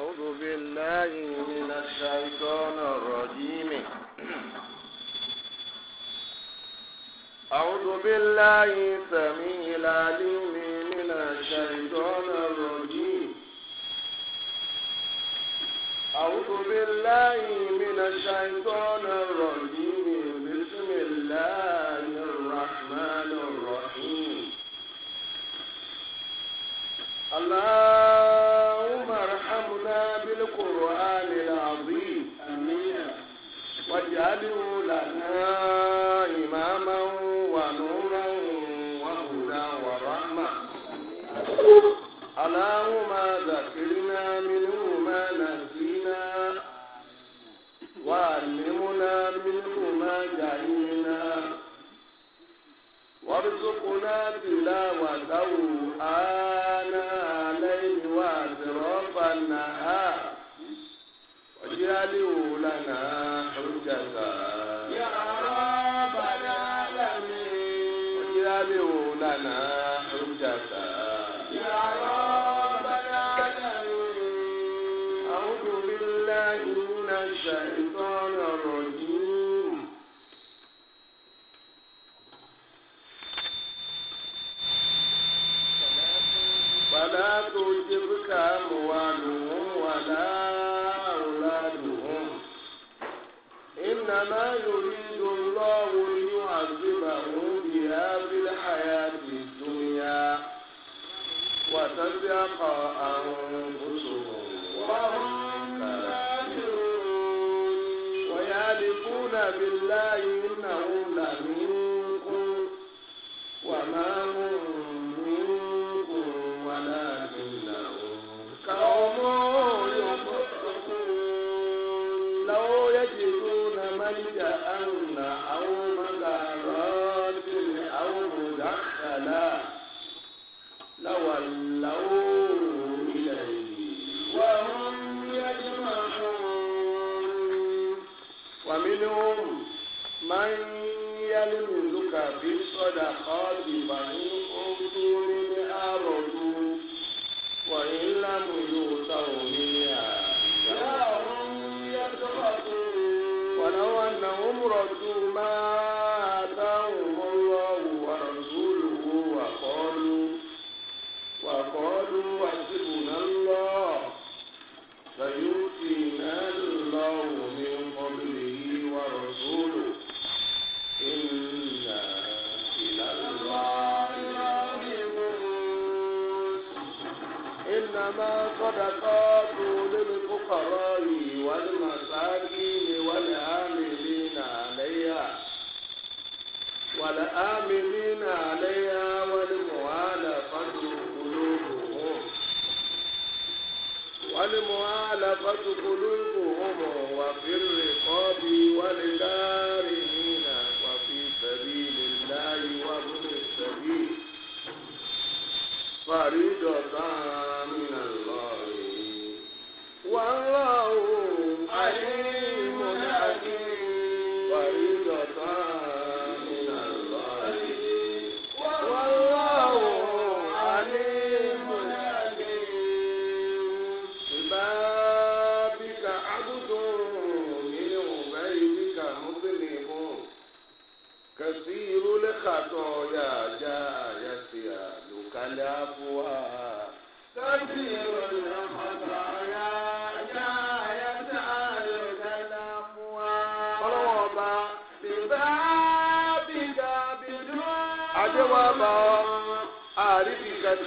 أعوذ بالله من الشيطان الرجيم أعوذ بالله سميع العليم من الشيطان الرجيم أعوذ بالله من الشيطان الرجيم بسم الله الرحمن الرحيم الله لها إماما ونورا وهدى ورحمة اللهم ذكرنا منه ما نسينا وعلمنا منه ما جهلنا وارزقنا تلاوته آناء الليل وأطراف النهار واجعله لنا حجة ọrịrọ i bana atụ jeuka amụa n waaahụla nnanarụli lụ nlọọgwụ ndị wazia nwuye ya bịrahaya di zo ya nwatondị afọahụụ bụtụụ يعتصمون بالله إنه لمنكم وما هم من يلمزك بالصدقات فإن أوتوا منها رضوا وإن لم يؤتوا منها جاءهم يسخطون ولو أنهم ردوا ما الصدقات للفقراء والمساكين والعاملين عليها والعاملين عليها والمؤلفة قلوبهم والمؤلفة قلوبهم وفي الرقاب والدارين وفي سبيل الله وابن السبيل فريضة من الله الله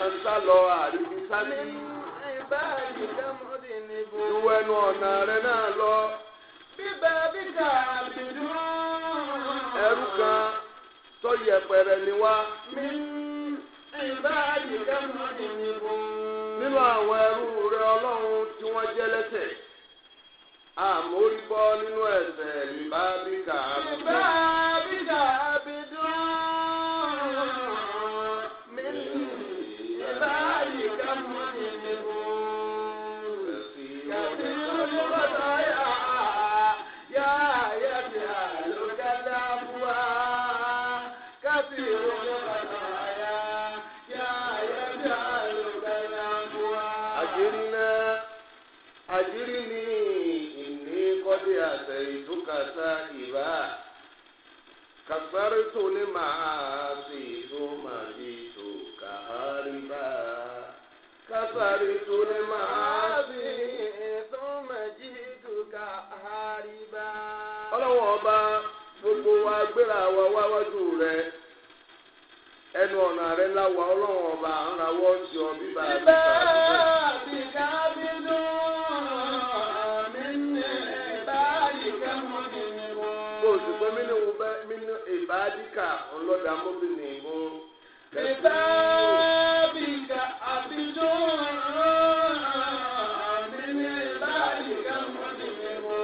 kan sá lọ àrífi sáré. Ìwọ ẹnu ọ̀nà rẹ̀ náà lọ. Bíbá bíkà àbìdú. Ẹrú kan tó yẹpẹrẹ ni wá. Mi ìbá àyíká mọ́ ìnìbó. Nínú àwọn ẹrú استكبرت لمعاصي ثم جئت كهاربا كفرت لمعاصي ثم to كهاربا ọlọ́wọ́n ọba gbogbo wa gbéra wa wáwájú rẹ ẹnu ọ̀nà rẹ láwa ọlọ́wọ́n ọba ń rawọ́ sí ọ bíbá bíbá bíbá. bíkà ọlọ́dà mọ́bìnrin mú. bíbá bíkà àbíjọ́ àmì báyìí ká mọ́bìnrin mú.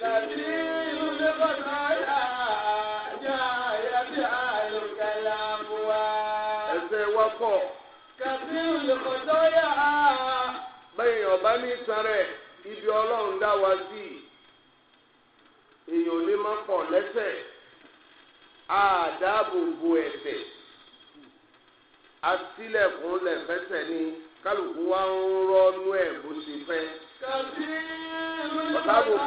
kàbí ilé bàtà yà yà yà bí àlùkàlà wà. ẹsẹ̀ wá pọ̀. kàbí ilé bàtà yà. bẹ́ẹ̀ ọ̀bá ní sàrẹ̀ ibi ọlọ́run dá wa sí èèyàn ò ní má pọ̀ lẹ́sẹ̀ àdáàbòbò ẹ̀fẹ̀ asílẹ̀kùn lẹ̀fẹ̀sẹ̀ ni kálukú wa ń rọ́nú ẹ̀ bó ṣe fẹ́. kàbí ìlú ìlú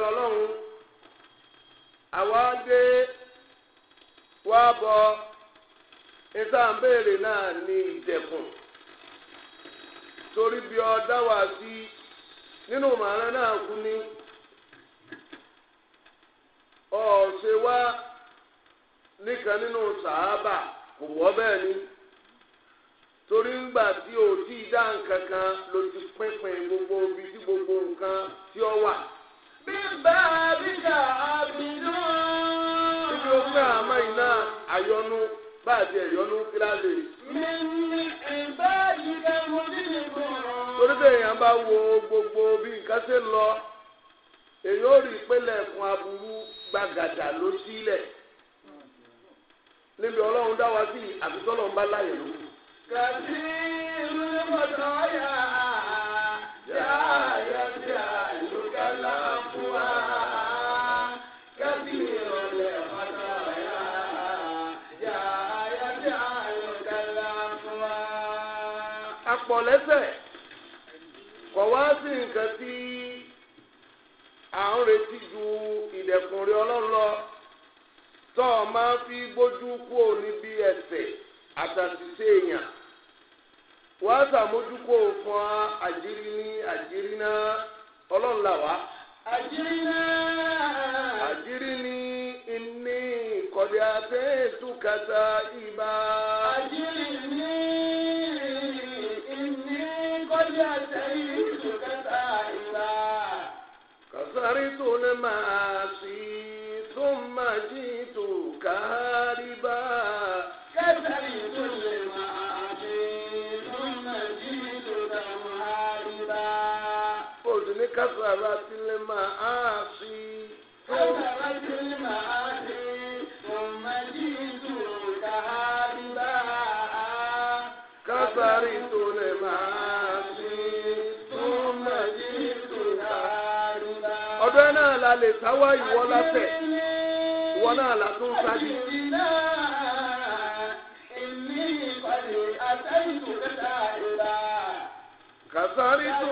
Ọlọ́run àwa dé wá bọ̀. níta ń béèrè náà ní ìdẹ̀kùn torí bí ọdá wá sí nínú màrá náà kú ní ọ̀ọ́sẹ̀ wá nìkan nínú sàábà kò wọ́ bẹ́ẹ̀ ni torí ńgbà tí o ti dá nǹkan kan ló ti pínpín gbogbo ibi tí gbogbo nǹkan tí ó wà. bí bá a bí ká a bí náà. ibi ó pẹ́ àmọ́ iná àyọnu. bá a ti ẹ̀rí ọ́nú kíláàsì. mi ni ìbá ìdá mo ní ìbò. torí bẹ́ẹ̀ yẹn bá wo gbogbo bí nǹkan ṣe ń lọ èyí ó rí ìpínlẹ̀ ẹ̀kún aburú gbàgàdà ló sílẹ̀ níbi ọlọ́run dá wa sí àbísọ́lọ̀ ń bá láyè ló. kàbí ìlú mọ̀tọ́ yà á yà á yà á. Kọwaa si wá sí nǹkan tí à ń retí ju ìdẹ̀kùnrin ọlọ́run lọ máa fi gbójú kúò níbi ẹ̀ṣẹ̀ àtàtìṣe èèyàn wá sàmójúkò fún àjírí ní àjírí náà ọlọ́run là wá. àjírí náà. àjírí ní ìkọ̀dé كسرت المعاصي ثم جئت كهاربا كسرت المعاصي ثم جئت كهاربا قلت كسرت المعاصي كسرت المعاصي náà la lè sáwá ìwọ lásẹ̀ ìwọ náà la tún sáájú. kàsárí tó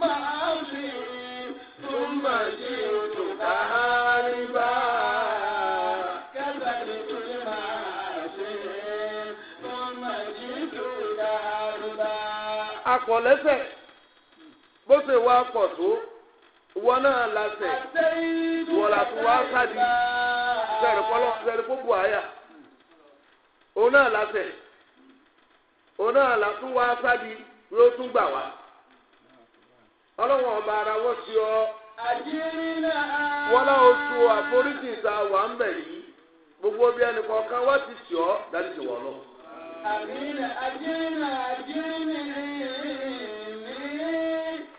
máa fi tó máa ṣe òjò kárí bá. Akọ̀ lẹ́sẹ̀ bó ṣe wá pọ̀ tó. wọn náà lásẹ̀ wọn wá sáàdì sẹ̀rì pọ́pù àyà òun náà lásẹ̀ òun náà làtún ló tún gbà wá ọlọ́wọ́n ọba ara wọ́n ọ wọ́n náà oṣù àforíjì ìta gbogbo kọ̀ọ̀kan wá ti sí dájú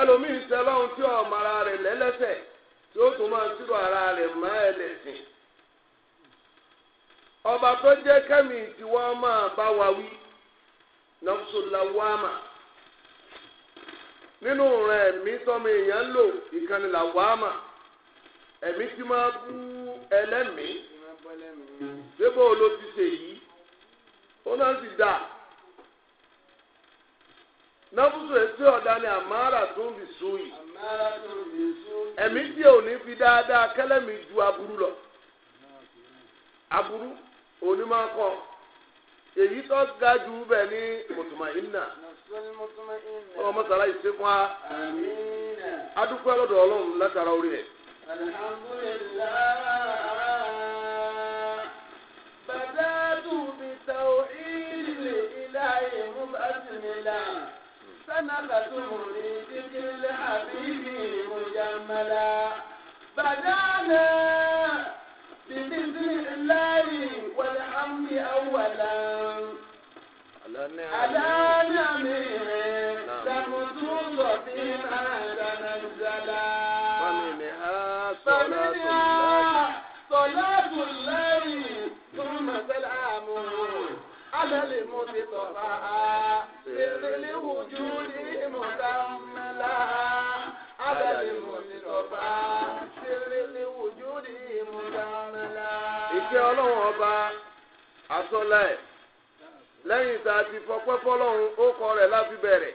ẹlòmíì ṣe lọ́hùn tí ọmọ ara rẹ̀ lẹ́lẹ́sẹ̀ tí ó tún máa ṣírò ara rẹ̀ mọ́ ẹlẹ́sìn. ọba tó jẹ́ kẹ́mi tí wọ́n máa bá wa wí nọ́ọ̀sùláwàmà nínú rẹ̀ ẹ̀mí tọ́mọ èèyàn lò ìkànnì ẹ̀mí tí máa bú ẹlẹ́mìí débò ló ti ṣèyí ó náà sì dáa. nọ́fùsù etí ọ̀dà ni àmàrà tó ń bì sóyì. ẹ̀mí tí ò ní fi dáadáa ju aburú lọ. aburú òní èyí tó ga jù bẹ́ẹ̀ ní mùtùmáyínà. ọmọ mọ́sálá yìí ṣe fún wa. adúpẹ́ lọ́dọ̀ ọlọ́run látara orí rẹ̀. سنة مريد بالحبيب مجملا بدانا ببسم الله والحمد أولا على نعمه لمسوس في هذا lè mú ti sọ̀fà á. Bèbèlè wùjú ní ìmọ̀ta mẹ́la. Adàlè mú ti sọ̀fà á. ọlọ́run ọba àsọlá ẹ̀ lẹ́yìn tá a ti fọpẹ́ fọlọ́run ó kọ rẹ̀ láti bẹ̀rẹ̀.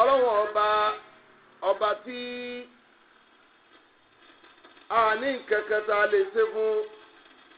ọlọ́run ọba ọba tí a ní nǹkan kan lè ṣe fún.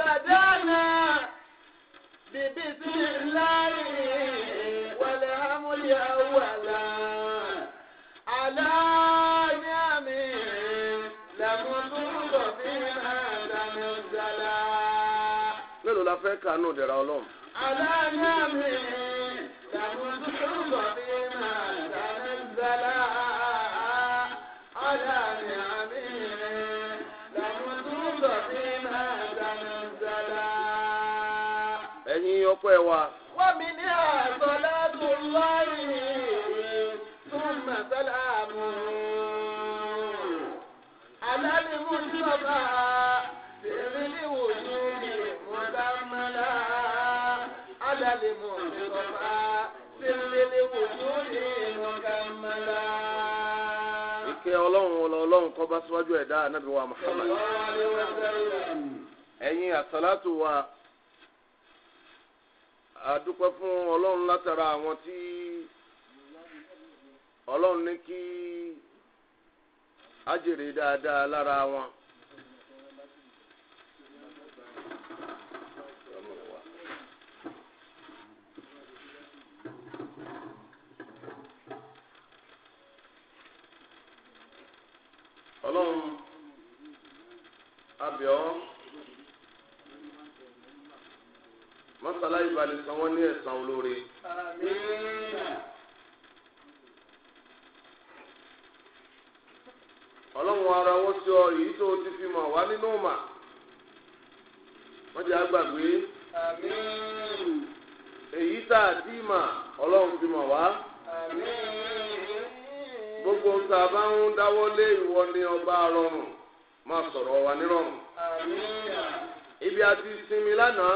بدانا ببسم الله والهم أولا على نعم لم تنظر فيها تنزلا mélòó la fẹ́ kà nù dẹ̀ra ọlọ́run. aláàánú mi làwọn tó ń bọ̀ ọpẹ́ wa. wọ́n mi ní àtọ́lá tó lọ́rìn tún màtọ́lá mú. alálẹ́ mú sí bàbá bèrè ní wòjú mi wọ́n bá mọ́lá. alálẹ́ mú sí bàbá bèrè ní wòjú mi wọ́n bá mọ́lá. ìkẹ́ ọlọ́run ọlọ́run kọ́ bá síwájú ẹ̀dá anábìwá Muhammad. ẹ̀yin àsálátù wa adúpẹ́ fún ọlọ́run látara àwọn tí ọlọ́run ní kí á dáadáa lára wọn. ní san wọ́n ní ẹ̀san olóore. ọlọ́run ara wọ́n sọ èyí tó ti fi mọ̀ wá nínú mà wọ́n ti àgbàgbé èyí tá a ti mà ọlọ́run fi mọ̀ wá gbogbo ń ta bá ń dáwọ́lé ìwọ ni ọba rọrùn máa sọ̀rọ̀ wa nírọ̀rùn ibi a ti sinmi lánàá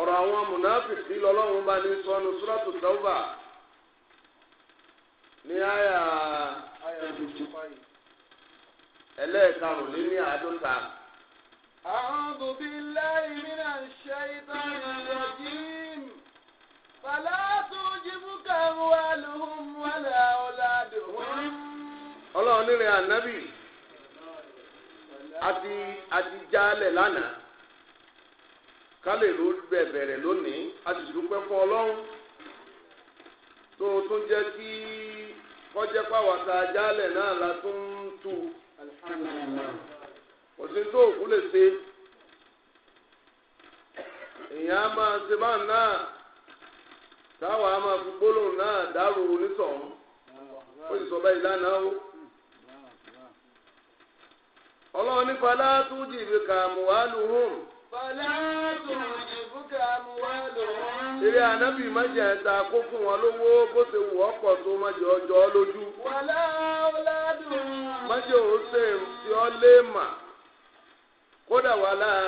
ọ̀rọ̀ àwọn mùnàfìsì lọ́lọ́run bá ní sọnù súrọ́tù tọ́wà ní àyà ẹlẹ́ẹ̀karùn lé ní àádọ́ta. أعوذ بالله من الشيطان الرجيم فلا تعجبك أموالهم ولا أولادهم ọlọ́run nílẹ̀ ànábì àti àti jálẹ̀ lánàá. kálẹ̀ ló bẹ̀rẹ̀ lónìí a sì dúpẹ́ fún ọlọ́run tó tún jẹ́ kí kọjá pàwọ́ ta jálẹ̀ náà la tún tù kò tó òkú lè ṣe èèyàn á máa ṣe báà náà táwa á máa fi gbólóhùn náà dárò onítọ̀hún ó sì sọ báyìí ọlọ́run nípa eré anábì má jẹ ẹta kó fún wọn lówó bó ṣe wù ọkọ tó má jẹ ọjọ́ lójú. má jẹ òun ṣe ti ọ lé mà kódà wà láà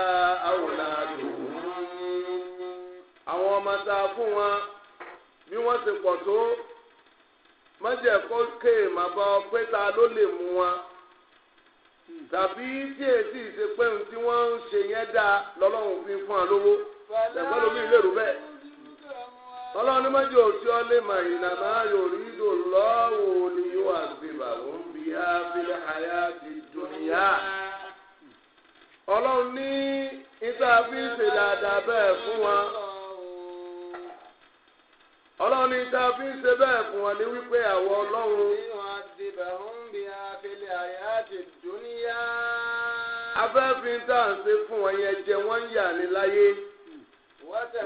àwòládùn. àwọn ọmọ tá a fún wọn bí wọ́n ṣe pọ̀ tó má jẹ kó kéèmà bá ọ pé ta ló lè mú wọn tàbí tí èsì ìsepé ohun tí wọ́n ń ṣe yẹn dáa lọ́lọ́run fi ń fún wa lówó ẹ̀gbọ́n lómi ìlérò bẹ́ẹ̀. ọlọ́run ní mọ́jú òsì ọlẹ́ màyìnà máa yòrí ìdò lọ́wọ́ ni yóò àgbèbà wọ́n bí á fílẹ̀ àyà ti dùnìyà. ọlọ́run ní ìtàbí ìṣèdáadá bẹ́ẹ̀ fún wa ọlọ́run ní ìtàbí ìṣe bẹ́ẹ̀ fún wa ní wípé àwọ̀ ọlọ́run. لنعذبهم بها في الحياة الدنيا afẹ́fin tá à ń ṣe fún wọn yẹn jẹ wọ́n ń yà ní láyé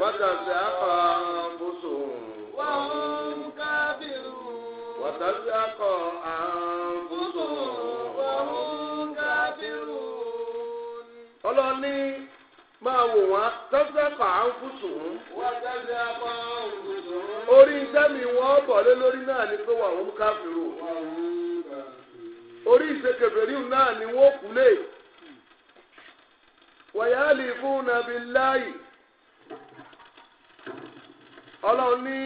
wàtàṣà àkànbùsù. wọ́n ń kábìrù. wàtàṣà àkànbùsù. wọ́n ń kábìrù. ọlọ́ni. máa wò wọ́n tọ́sẹ̀kọ̀ à ń kùsù orí sẹ́mi wọn bọ̀ lé lórí náà ni pé wà wọ́n káfíìrù. orí ìṣèkèbèrè náà ni wọ́n kú lé. wàyáàlì fún nàbí láàyè. ọlọ́run ní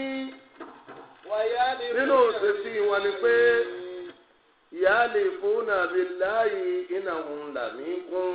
nínú òṣèṣì wọn ni pé ìyáàlì fún nàbí láàyè ìnáwó làmí kún.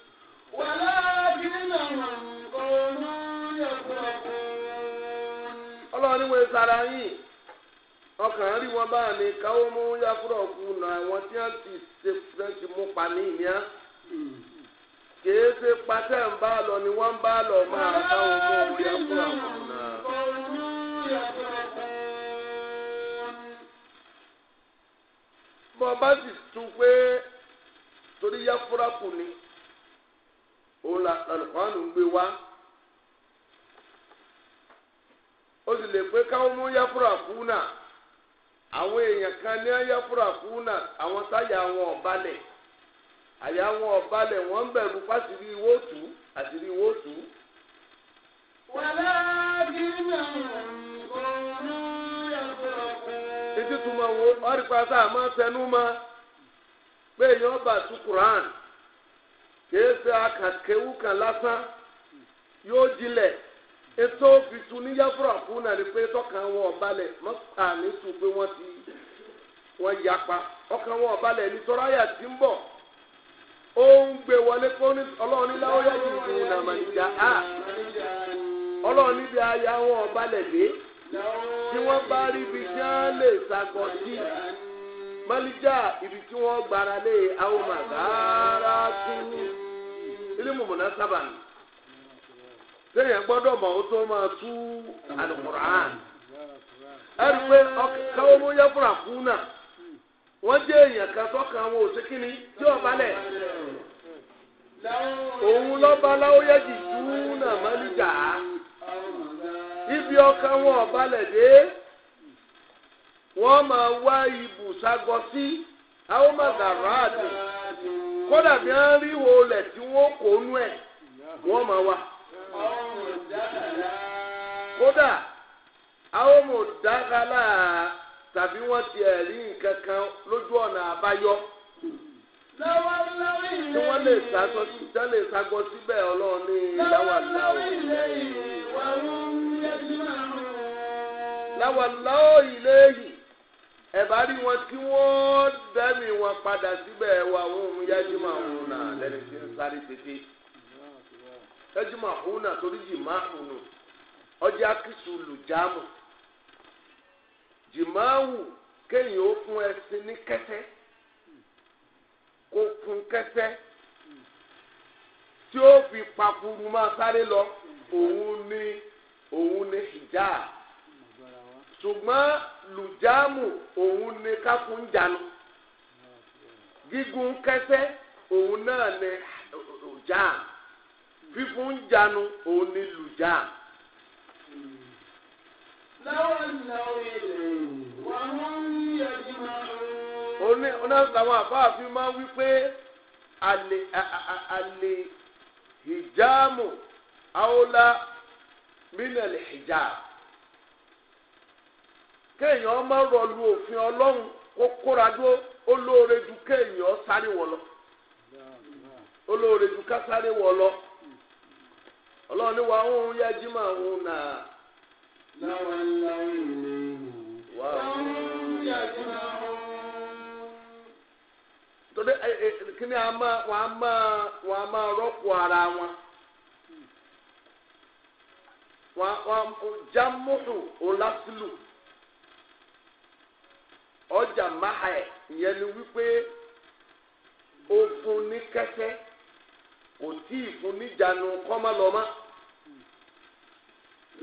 ọlọ́run ní wọ́n sara yìí ọkàn rí wọn báà ní káwọn mú yàkúrọ̀ kú nà àwọn tí wọ́n ti ṣe fẹ́ ti mú pa ní ìyá kìí ṣe pàṣẹ ń bá lọ ni wọn bá lọ máa káwọn mú yàkúrọ̀ kú nà. bọ́ọ̀ bá sì tún pé òun làlùkọ́nù ń gbé wá ó sì ka pé ya mú yáfúrà kúnà àwọn èèyàn kan ní yáfúrà kúnà àwọn táyà wọn ọ̀balẹ̀ àyà wọn ọ̀balẹ̀ wọ́n ń fásitì wó tù àṣírí wó tù. wàlá kí ni ọ̀nà yàtọ̀ kún. títí túmọ̀ wo ọ̀rí pátá àmọ́ sẹ́nu pé èèyàn bá tu kèéfé akàkéwù kan lásán yóò jinlẹ̀ ètò òfìtú níyàfúrà fún náà ni pé tọkàn wọn ọbalẹ̀ mọ́ta nítú pé wọ́n ti wọ́n yapa ọkàn wọn ọbalẹ̀ nítorí àyà tí ń bọ̀ ó ń gbé wọlé pé ọlọ́run nílá ó yá jù fún wọn dé tí ibi tí wọ́n lè ibi tí wọ́n gbára lé sábà nù sẹ́yìn gbọ́dọ̀ mọ̀ ó tó máa tú alukur'an ẹ̀rí pé káwọn ọmọ yẹ kú náà wọ́n jẹ́ èèyàn ó balẹ̀ òun lọ́ba láwọ́yẹ́ ibi ọkàn wọn ọ̀balẹ̀ dé wọ́n máa wá ibùsàgọ́sí àwọn màgàrà àdùn. kódà bí wọ́n rí wo lẹ̀ tí wọ́n kó nú ẹ̀ wọ́n máa wá. kódà àwọn ọmọ dákàlà tàbí wọ́n ti ẹ̀rí nǹkan kan lójú ọ̀nà àbáyọ. tí wọ́n lè sàgọ́ sí tẹ́ lè sàgọ́ síbẹ̀ ọlọ́run ní ìdáwà láwọ̀. ẹ̀bá rí wọn tí wọ́n dẹ́mi wọn padà síbẹ̀ wà wọ́n yájú máa hùn náà lẹ́ni tí ń sáré tètè yájú máa hùn torí jì máa ọjà kìsù lùjámù jì máa wù kéèyàn ó fún ẹṣin ní kẹsẹ́ kó fún tí ó fi ṣùgbọ́n lùjáàmù òun ni kákún jánu gígùn kẹsẹ́ òun náà ni lùjáàmù fífún jánu òun ni lùjáàmù. Oní làwọn àbáàfin máa ń wí pé àlè hijamu àwòlá mínàlì hijamu. kéèyàn ọmọ rọlu òfin ọlọ́run kó kóra dúró olóore ju kéèyàn sáré wọ̀ lọ olóore ju ká sáré wọ̀ lọ ọlọ́run wa ń yá jimá ń nà. láwọn ńlá yìí wà á yá a ara wọn jamuhu olasilu. ọjà máa ẹ̀ ìyẹn ni wípé ó ní kẹsẹ kò tí ì fún níjànú kọ́mọlọ́mọ.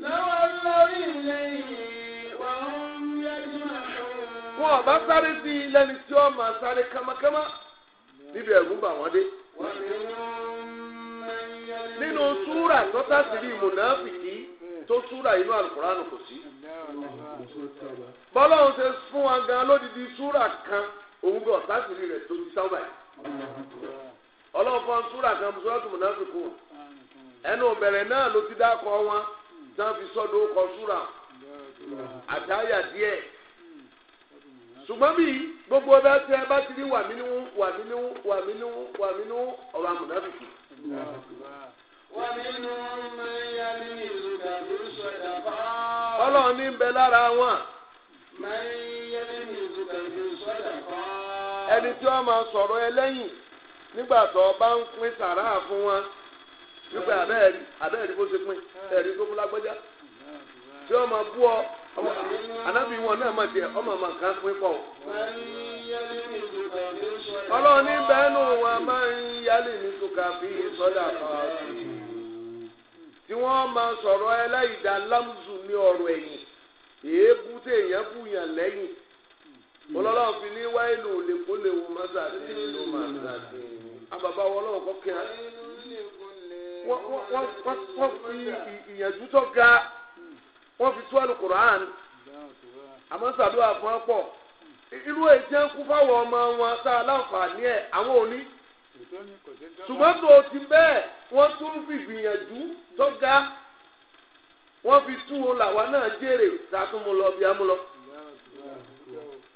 lọ́wọ́ lórí wọn bá sáré sí i lẹ́ni tí máa sáré kámákámá níbi ẹ̀rù bà wọ́n dé. nínú súrà tọ́tà sí tó súrà inú alukuraanu kò sí. bọ́lọ́hún ṣe fún wa gan lódìdí súrà kan òun bí ọ̀sán sì rí rẹ̀ tó ti sáwọ́ báyìí. ọlọ́run fún súrà kan súrà tó múná fi kú wọn. ẹnu bẹ̀rẹ̀ náà ló ti dákọ̀ wọn tí wọ́n fi sọ́dọ̀ kọ súrà àtàyà díẹ̀. ṣùgbọ́n bí gbogbo ọba tí ẹ bá ti rí wàmínú wàmínú wàmínú wàmínú ọ̀rọ̀ àmúnáfíkì. ọlọ́run ní bẹ lára wọn. ẹni tí wọ́n máa sọ̀rọ̀ ẹlẹ́yìn nígbà tó bá ń pín sàrà fún wọn nígbà abẹ́ẹ̀rí abẹ́ẹ̀rí bó ṣe pín ẹ̀rí tó mú lágbájá tí wọ́n máa bú ọ anábì wọn náà máa tiẹ̀ ọmọ màkà ọlọ́run ní bẹ́ẹ̀nù wọn máa ń yálè ní sùkà bí sọ́dà kan tí wọ́n máa sọ̀rọ̀ ẹlẹ́yìndà lámùsù ní ọ̀rọ̀ ẹ̀yìn èébú tí èèyàn bù yàn lẹ́yìn ọlọ́run fi ní wáyé lò lè kó lè wò má sàdé ló má sàdé àbàbà wọn lọ́wọ́ kọ́ kí wọ́n fi ìyànjú tó ga wọ́n fi tú àlùkùránì àmọ́ sàdúrà fún ọ pọ̀ irú èjẹ́ kú fáwọn ọmọ wọn tá a láǹfààní ẹ̀ àwọn òní. ṣùgbọ́n tó ti bẹ́ẹ̀ wọ́n tún fi gbìyànjú tó ga wọ́n fi tún o làwa náà jèrè dàtún mu lọ bí a mú lọ.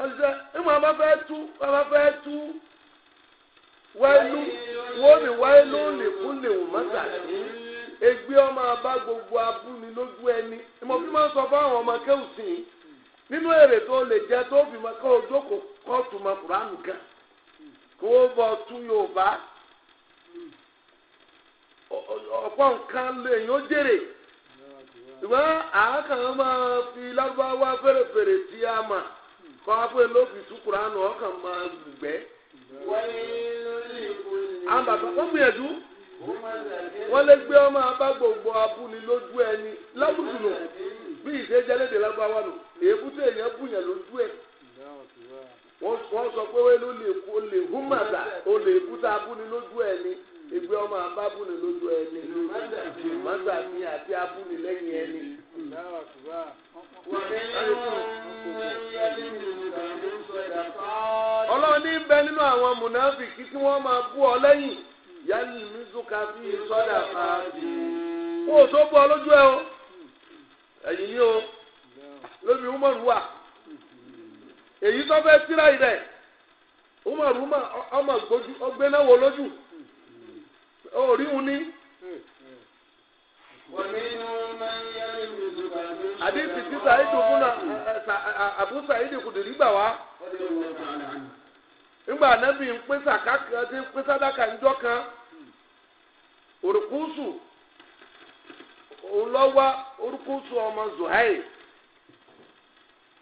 ọ̀sẹ̀ ìmọ̀ bá fẹ́ tú bá fẹ́ tú wẹ́lú wọ́n ní wẹ́lú nìkún nìwọ̀n mọ́tàlẹ́ egbe ọmọ abá gbogbo abúni lójú ẹni ìmọ̀ bí wọ́n sọ fún àwọn ọmọ kẹ́hùn sí i. nínú èrè tó lè jẹ tó fi mọ kó o jókòó kóòtù mọ kùránù gan kó o bọ tú yorùbá ọ̀pọ̀ nǹkan lè yóò jèrè ṣùgbọ́n máa fi fèrèfèrè tí a mà kọ́ fi ọkàn máa àwọn bàbá gbìyànjú lè gbé ọmọ abá gbogbo lójú ẹni lábùsùn nù bí ìṣe èébú tó èèyàn bùyàn lójú ẹ̀ wọ́n sọ pé wẹ́ẹ́ lè kó lè húmàdà ó lè kú tá a búni lójú ẹ̀ ni ìgbé ọmọ àbá búni lójú ẹ̀ ni mọ́tà ni àti abúni lẹ́yìn ẹ̀ ni. ọlọ́run ní bẹ nínú àwọn mùnàfíkì tí wọ́n máa bú ọ lẹ́yìn yálì mísúkà sí sọ́dà fàájì. kó o tó bú ọ lójú ẹ o ẹ̀yìn yìí o. lórí umaru wa èyí tó fẹ́ tíra yìí rẹ̀ umaru ọmọ gbójú ọgbẹ́náwó lójú orí òun ní. àdìsí tí sàídù fúnà wá nígbà anábì ń pín sàkákan tí ń pín kan ọmọ zuhair.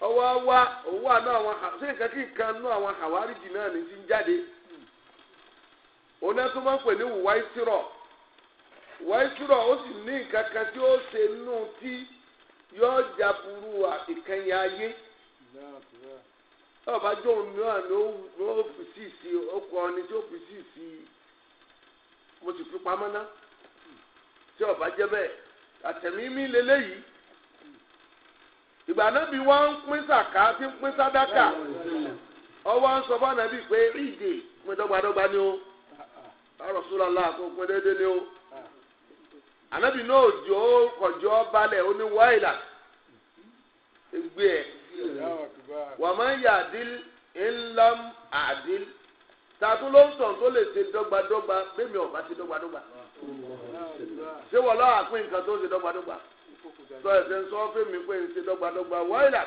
ọwọ́ wa òwú àná àwọn ṣé nǹkan kí nú àwọn àwáríjì náà ní ti ń jáde òun tó máa ń pè ní wùwáì tìrọ̀ ó sì ní nǹkan tí ó ṣe tí yóò jà ayé ọba jóun náà ló fi sí ìsí ọkọ ọni tí mo sì fi pamọ́ ọba jẹ́ bẹ́ẹ̀ àtẹ̀mí ìgbà náà bí wọ́n ń pín sàká tí ń pín sádákà ọwọ́ ń sọ fún ànábì pé ìdè pín dọ́gbadọ́gba ni ó Rasulullah kó pín déédéé ni ó ànábì náà òjò kọjọ́ balẹ̀ ó ní wáìlà gbé ẹ̀ wọ́n máa ń yà àdíl ńlám àdíl tààtún ló ń sàn tó lè ṣe dọ́gbadọ́gba bẹ́ẹ̀ mi ò bá ṣe dọ́gbadọ́gba ṣé wọ́n lọ́wọ́ àpín nǹkan tó ṣe dọ́gbadọ́gba sọ ẹsẹ ń sọ fún mi pé ń ṣe dọ́gbadọ́gba wáìlà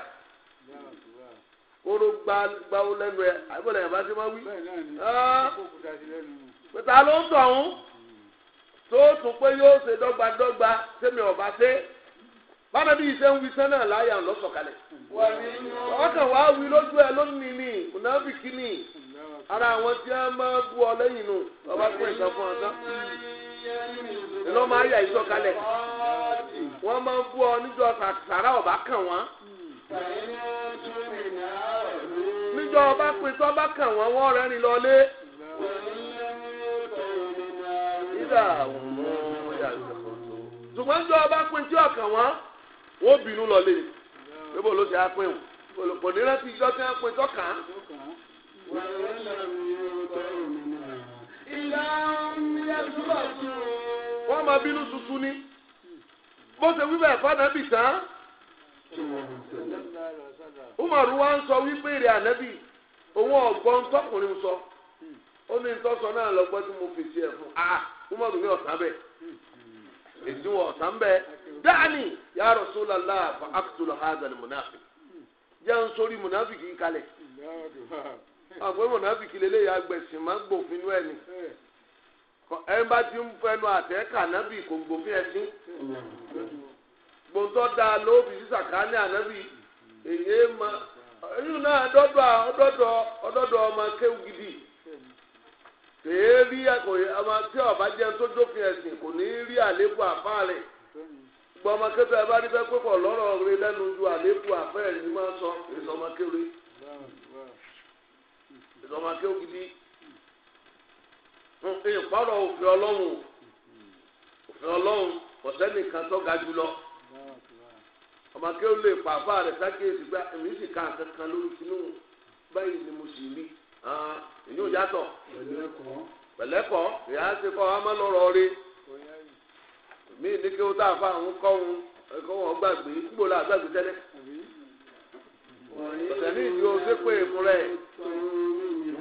kóró gbawo lẹ́nu ẹ àbúrò ẹ bá ti máa wí. Ah. pẹ̀tà ló ń tọ̀hún tó tún pé yóò ṣe dọ́gbadọ́gba sẹ́mi ọ̀bá ṣe báwo bí iṣẹ́ ń wí sẹ́nà láyà ń lọ́sọ̀kalẹ̀. ọkàn wàá wí lójú ẹ lónìí ni mùnàfíkì ni ara àwọn tí a máa bú ọ lẹ́yìn nù ọba pé nǹkan fún ọ tán lọ́mọ ayé àyíṣọ́ kalẹ̀ wọ́n máa ń bú ọ níjọ́ sàrà ọ̀bá kàn wọ́n. níjọ́ ọba pé tó bá kàn wọ́n wọ́n rẹ́rìn lọ́lé. ìdá ṣùgbọ́n níjọ́ ọba pé tí ọ̀kàn wọ́n wọ́n bínú lọ́lé. níbo ló ṣe á pé wọn kò ní rántí ìjọ tí wọ́n pé tó kàn án. ìlànà. wọ́n máa bínú tuntun ni bó ṣe wí bẹ́ẹ̀ fànàbì tán umaru wa ń sọ wípé èrè ànábì òun tọkùnrin sọ ó ní tọ́sọ náà lọ́gbọ́n tí mo fún a ah, umaru ní ọ̀sán bẹ́ẹ̀ èsì wọn ọ̀sán bẹ́ẹ̀ dáàni ya Rasulullah fa aqtul hadha al jẹ́ ń sórí munafiq yìí kalẹ̀ àgbẹ̀ munafiq lélẹ́yà gbẹ̀sìn má gbòfin ní ẹ̀ ẹni bá ti ń fẹnu àtẹ kànábì kò gbòmí ẹsìn gbòǹtọ́ da lóbi sísà kání ànábì èyí ma ẹyìn náà dọ́dọ̀ ọdọ́dọ̀ ọdọ́dọ̀ ọmọ kéwù gidi tèérí ọmọ tí ọba jẹ sójófin ẹsìn kò ní rí àléébù àfáàrẹ gbọ́ ọmọ kéwù ẹ bá rí bẹ́ẹ̀ pẹ́pọ̀ lọ́rọ̀ rẹ lẹ́nu ju àléébù àfẹ́rẹ́ ni máa sọ èso gidi. ìpàrọ̀ òfin ọlọ́run òfin ọlọ́run ọ̀sẹ́nìkan tó ga jùlọ ọmọ akéwòn lè pa àbá rẹ̀ gba èmi sì ka lórí báyìí ni mo sì rí ah, èmi ò yàtọ̀ pẹ̀lẹ́kọ̀ ìyá ti kọ́ rí mi ní kí ó ẹ̀kọ́ wọn gbàgbé tẹ́lẹ̀ ọ̀sẹ̀ ní ìdí rẹ̀.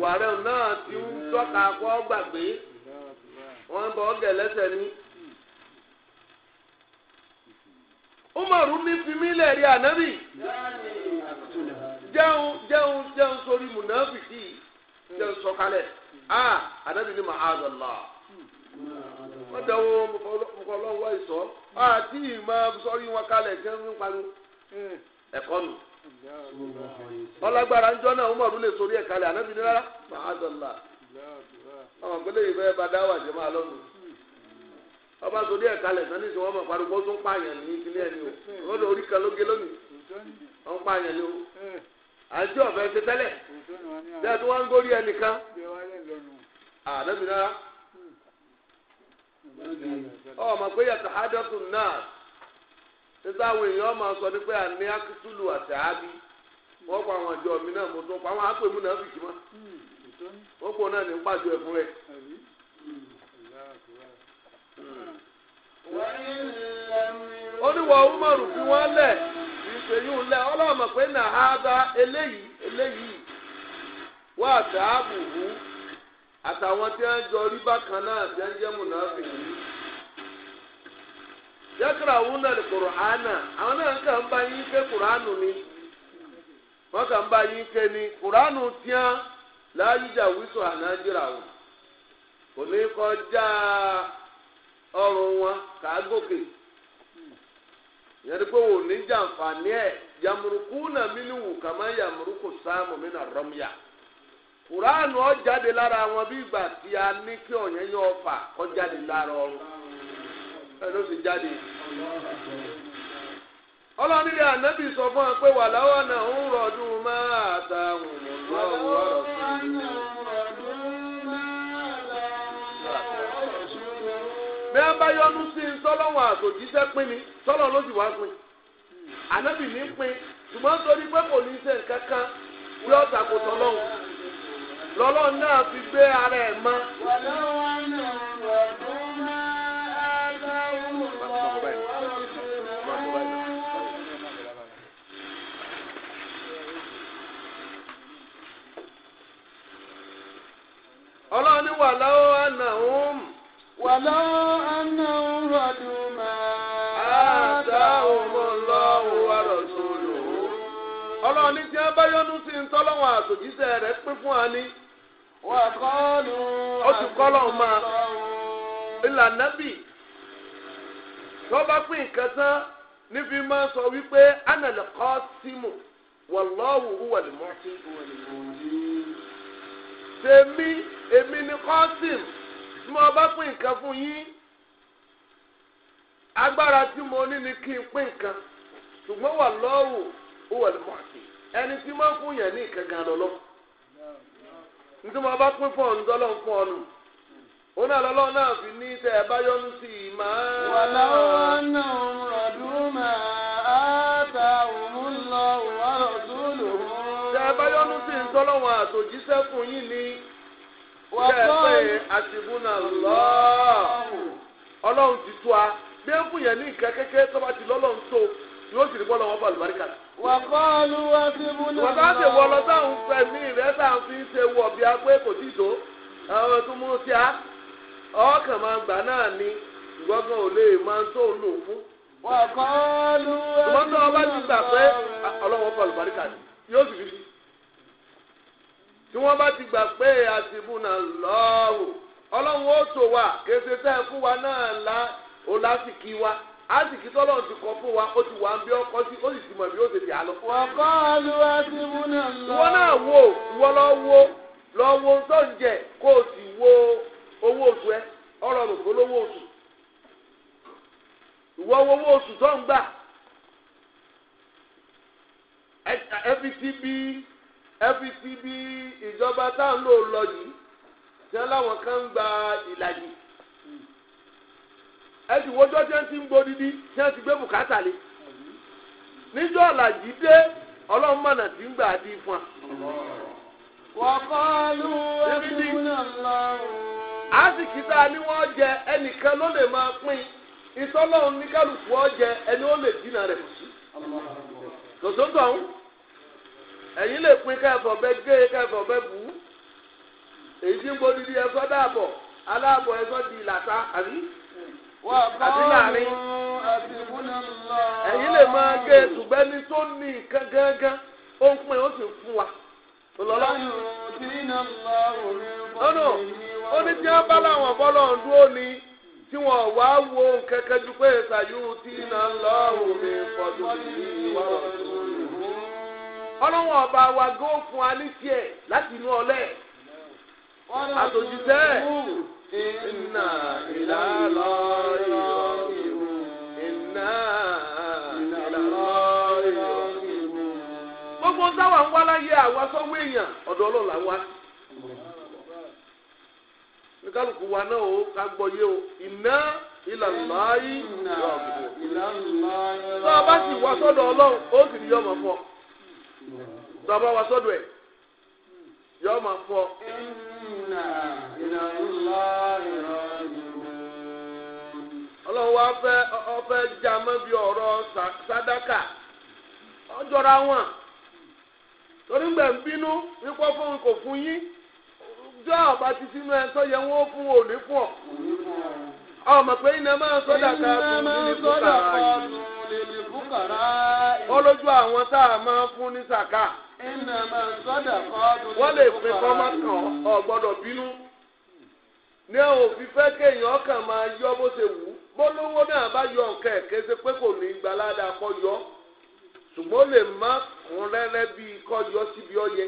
wàrẹ́ náà ti ń tọ́ka kọ́ gbàgbé wọ́n bọ̀ gẹ̀lẹ́sẹ̀ ni. Umaru ní fimi lè rí ànábì jẹun jẹun jẹun munafiki jẹun ah ànábì ni ma'azallah wọ́n dẹ̀wọ́ mọ̀kọ́lọ́wọ́ ìsọ́ àti wọn ọlágbára ń jọ náà ó mọ̀ọ́dún lè sórí ẹ̀ kalẹ̀ ànábi ní rárá màádọ́là àwọn àgbélé ìfẹ́ bá dá wà jẹ́ máa lọ́nu ọba sórí ẹ̀ kalẹ̀ sani tí wọ́n mọ̀ pariwo tó ń ọ ní ilé ẹni o lọ́dọ̀ orí kan ló gé lónìí ń ní o ọ̀fẹ́ tẹ́lẹ̀ bí títí àwọn èèyàn a sọ ní pé àní akitulu àti àbí wọ́n pa àwọn àjọ mi náà mo tó pa àwọn àpèmú náà fìjì mọ́ wọ́n pọ̀ náà ní pàjọ ẹ̀fún rẹ̀. ó ní wọ́n ń mọ̀rù fún wọn lẹ̀ ìṣèyún lẹ̀ ọlọ́mọ pé nà á dá eléyìí eléyìí wọ́n àtàbùhù àtàwọn tí wọ́n jọ rí bákan náà tí wọ́n jẹ́ mùnà fìjì. yẹ́kìrà òun náà lè kùránà àwọn náà kàn ń bá yín ké ni wọ́n kàn ń bá ni kùránù tiẹ́ láyíjà ka ànájìrà wọn kò ní kọjá ọrùn wọn kà á gòkè yẹ́nì pé wò ní jàǹfààní ẹ̀ yàmùrùkú náà mílí wù ló sì jáde. sọ fún pé wà láwọn náà ń rọdún máa ta àwọn ọmọ ọ̀rọ̀ bí a sí i sọlọ́wọ́n àtòjíṣẹ́ pín ni sọlọ́ ló sì wá pín ní pín ṣùgbọ́n torí ní kan ọ̀sà kò tọ́lọ́hún lọ́lọ́run náà fi ara ẹ̀ ọlọ́run ní wàlá ó àná òun. wàlá ó àná òun rọ̀dùn máa. àtà òun lọ́wọ́ àròsọ̀lù. ọlọ́run ní tí wọ́n bá yọnu sí ń tọ́lọ́wọ́ àtòjíṣẹ́ rẹ̀ pín fún wa ní. wà á kọ́ lù. ó ti máa. ìlànà bì. tó bá pín nǹkan tán níbi máa sọ wípé ànàlẹ́kọ́ símù wàlọ́wù wà lè mọ́tí. tèmi èmi ni kọ́sìm tí mo bá pín nǹkan fún yín agbára tí mo ní ni kí n pín nǹkan ṣùgbọ́n wà lọ́wọ́ ó wà lọ́wọ́ ẹni tí máa fún yẹn ní nǹkan gan lọ́lọ́ nítorí mo bá pín fún ọ̀nù fún ọ̀nù náà lọ́lọ́ náà fi ní tẹ́ ẹ bá sí i máa. wà láwọn náà rọ̀dún máa. sì ń tọ́lọ́wọ́n àtòjíṣẹ́ fún yín ni lẹ́ẹ̀pẹ́ àtìbúnà lọ́ọ̀ ọlọ́run ti tó a gbé fún yẹn ní nǹkan kékeré tó bá ti lọ́lọ́run tó yóò sì rí bọ́ọ̀lù wọn bá wà á kọ́ lu àtìbúnà lọ́ọ̀ wọ́n bá ti wọ fẹ̀mí rẹ̀ tá ń ṣe bí a pé tí tó àwọn tó mú sí a ọkàn máa gbà náà ni ìgbọ́gàn ò lè máa tó lò fún. wà á kọ́ lu àtìbúnà tí wọ́n bá ti gbà pé àsìbùnà lọ́ọ̀rù ọlọ́run ó tò wá kéṣe tẹ́ ẹ fún wa náà la ó lásìkí wa àsìkí tọ́lọ̀ ti kọ fún wa ó ti wà ń bí ọkọ sí ó sì ti mọ̀ bí ó ti lọ. ọkọ lọ. ìwọ náà wo ìwọ lọ wo lọ wo tó ń jẹ kó o sì wo owó oṣù ẹ ọ̀rọ̀ lòkó lówó oṣù ìwọ owó oṣù tó ń gbà ẹ fi ẹ fi sí bí ìjọba tá à ń lò lọ yìí tí wọn láwọn kan ń gba ìlàjì ẹ wọjọ tí wọn ti ń gbódìdí tí wọn ti gbé bùkátà lé níjọ́ ọ̀làjì dé ọlọ́run mọ̀nà tí ń gbà á dín fún wa. wàkọ́lù ẹ̀sùnmùnà lọ́rùn. àsìkí tá a ní wọ́n jẹ ẹnìkan ló lè máa pín ìtọ́lọ́run ní kálukú ọ̀jẹ ẹni ó lè dínà rẹ̀ kò sí. tòṣótò ọ̀hún. ẹ̀yin lè pin kẹfọ bẹ gé kẹfọ bẹ bù èyí tí ń bori di ẹfọ dàbọ aláàbọ ẹfọ di làtà àbí àti láàrin ẹ̀yin lè máa gé ṣùgbẹ́ni tó ní gángan ó ń pin ó sì fún wa lọlọ. ọ̀nà ó ní tí wọ́n bá láwọn bọ́lọ̀ ń dúró ni tí wọ́n wá wo kẹ́kẹ́ ju pé ṣàyù tí pọ̀ tó ọlọ́wọ́n ọba wa gó fún wa ní tiẹ̀ láti inú ọlẹ́ àtòjìṣẹ́ iná ìlàlọ́ ìlú iná ìlàlọ́ ìlú. gbogbo táwa ń wá láyé àwa sọ́wọ́ èèyàn ọ̀dọ̀ ọlọ́run là ń kálukú wa náà ó ká gbọ́ yé o iná ìlàlọ́ ìlú. tó o bá sì wá sọ́dọ̀ ọlọ́run ó sì ní fún ọ. bàbá wa sọ́dọ̀ ẹ̀ yọ máa fọ. ọlọ́run wa fẹ́ ọfẹ́ jamẹ́ bí ọ̀rọ̀ sàdákà ọjọ́ra wọn torí ń gbẹ̀ ń bínú jọ ọba ti sinu ẹ yẹ wọn ó fún ọ. ọmọ pe iná máa ń sọdà ká fún ní bùkàrà yìí. ma fun wọ́n lè pín kọ́mọ́ kan ò gbọ́dọ̀ bínú ní òfin fẹ́ kéèyàn kàn máa yọ bó ṣe wù ú bólówó náà bá yọ nǹkan ẹ̀kẹ́ ṣe pé kò ní gba ládàá kọ́ yọ ṣùgbọ́n ó lè má kún rẹ́rẹ́ bíi kọ́ yọ síbi ọyẹ.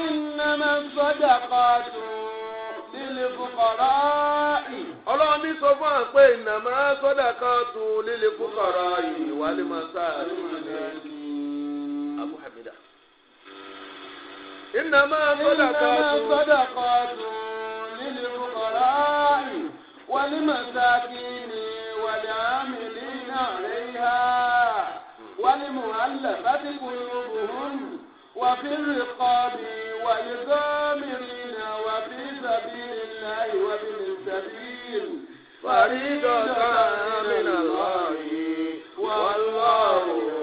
ìnáná sọ́jà kan dùn lílé fúkọ̀rọ̀ yìí. ọlọ́run ní sọ fún àpé ìnáná sọ́jà kan dùn lílé fúkọ̀rọ̀ yìí wálé máa sáà ìnàmá sọ́dà kọ́ọ̀tù lílì fúkọ̀rá wọlé mọ̀sákìnì wọlé àmìlí náà rẹ̀ yá wọlé mọ̀hálà láti kúrò bùhùn wàfi rìkọ́ọ̀bì wàyí gọ́ọ̀mìrì náà wàfi sàbílì náà ìwàbí ní sàbílì. فريدة من الله والله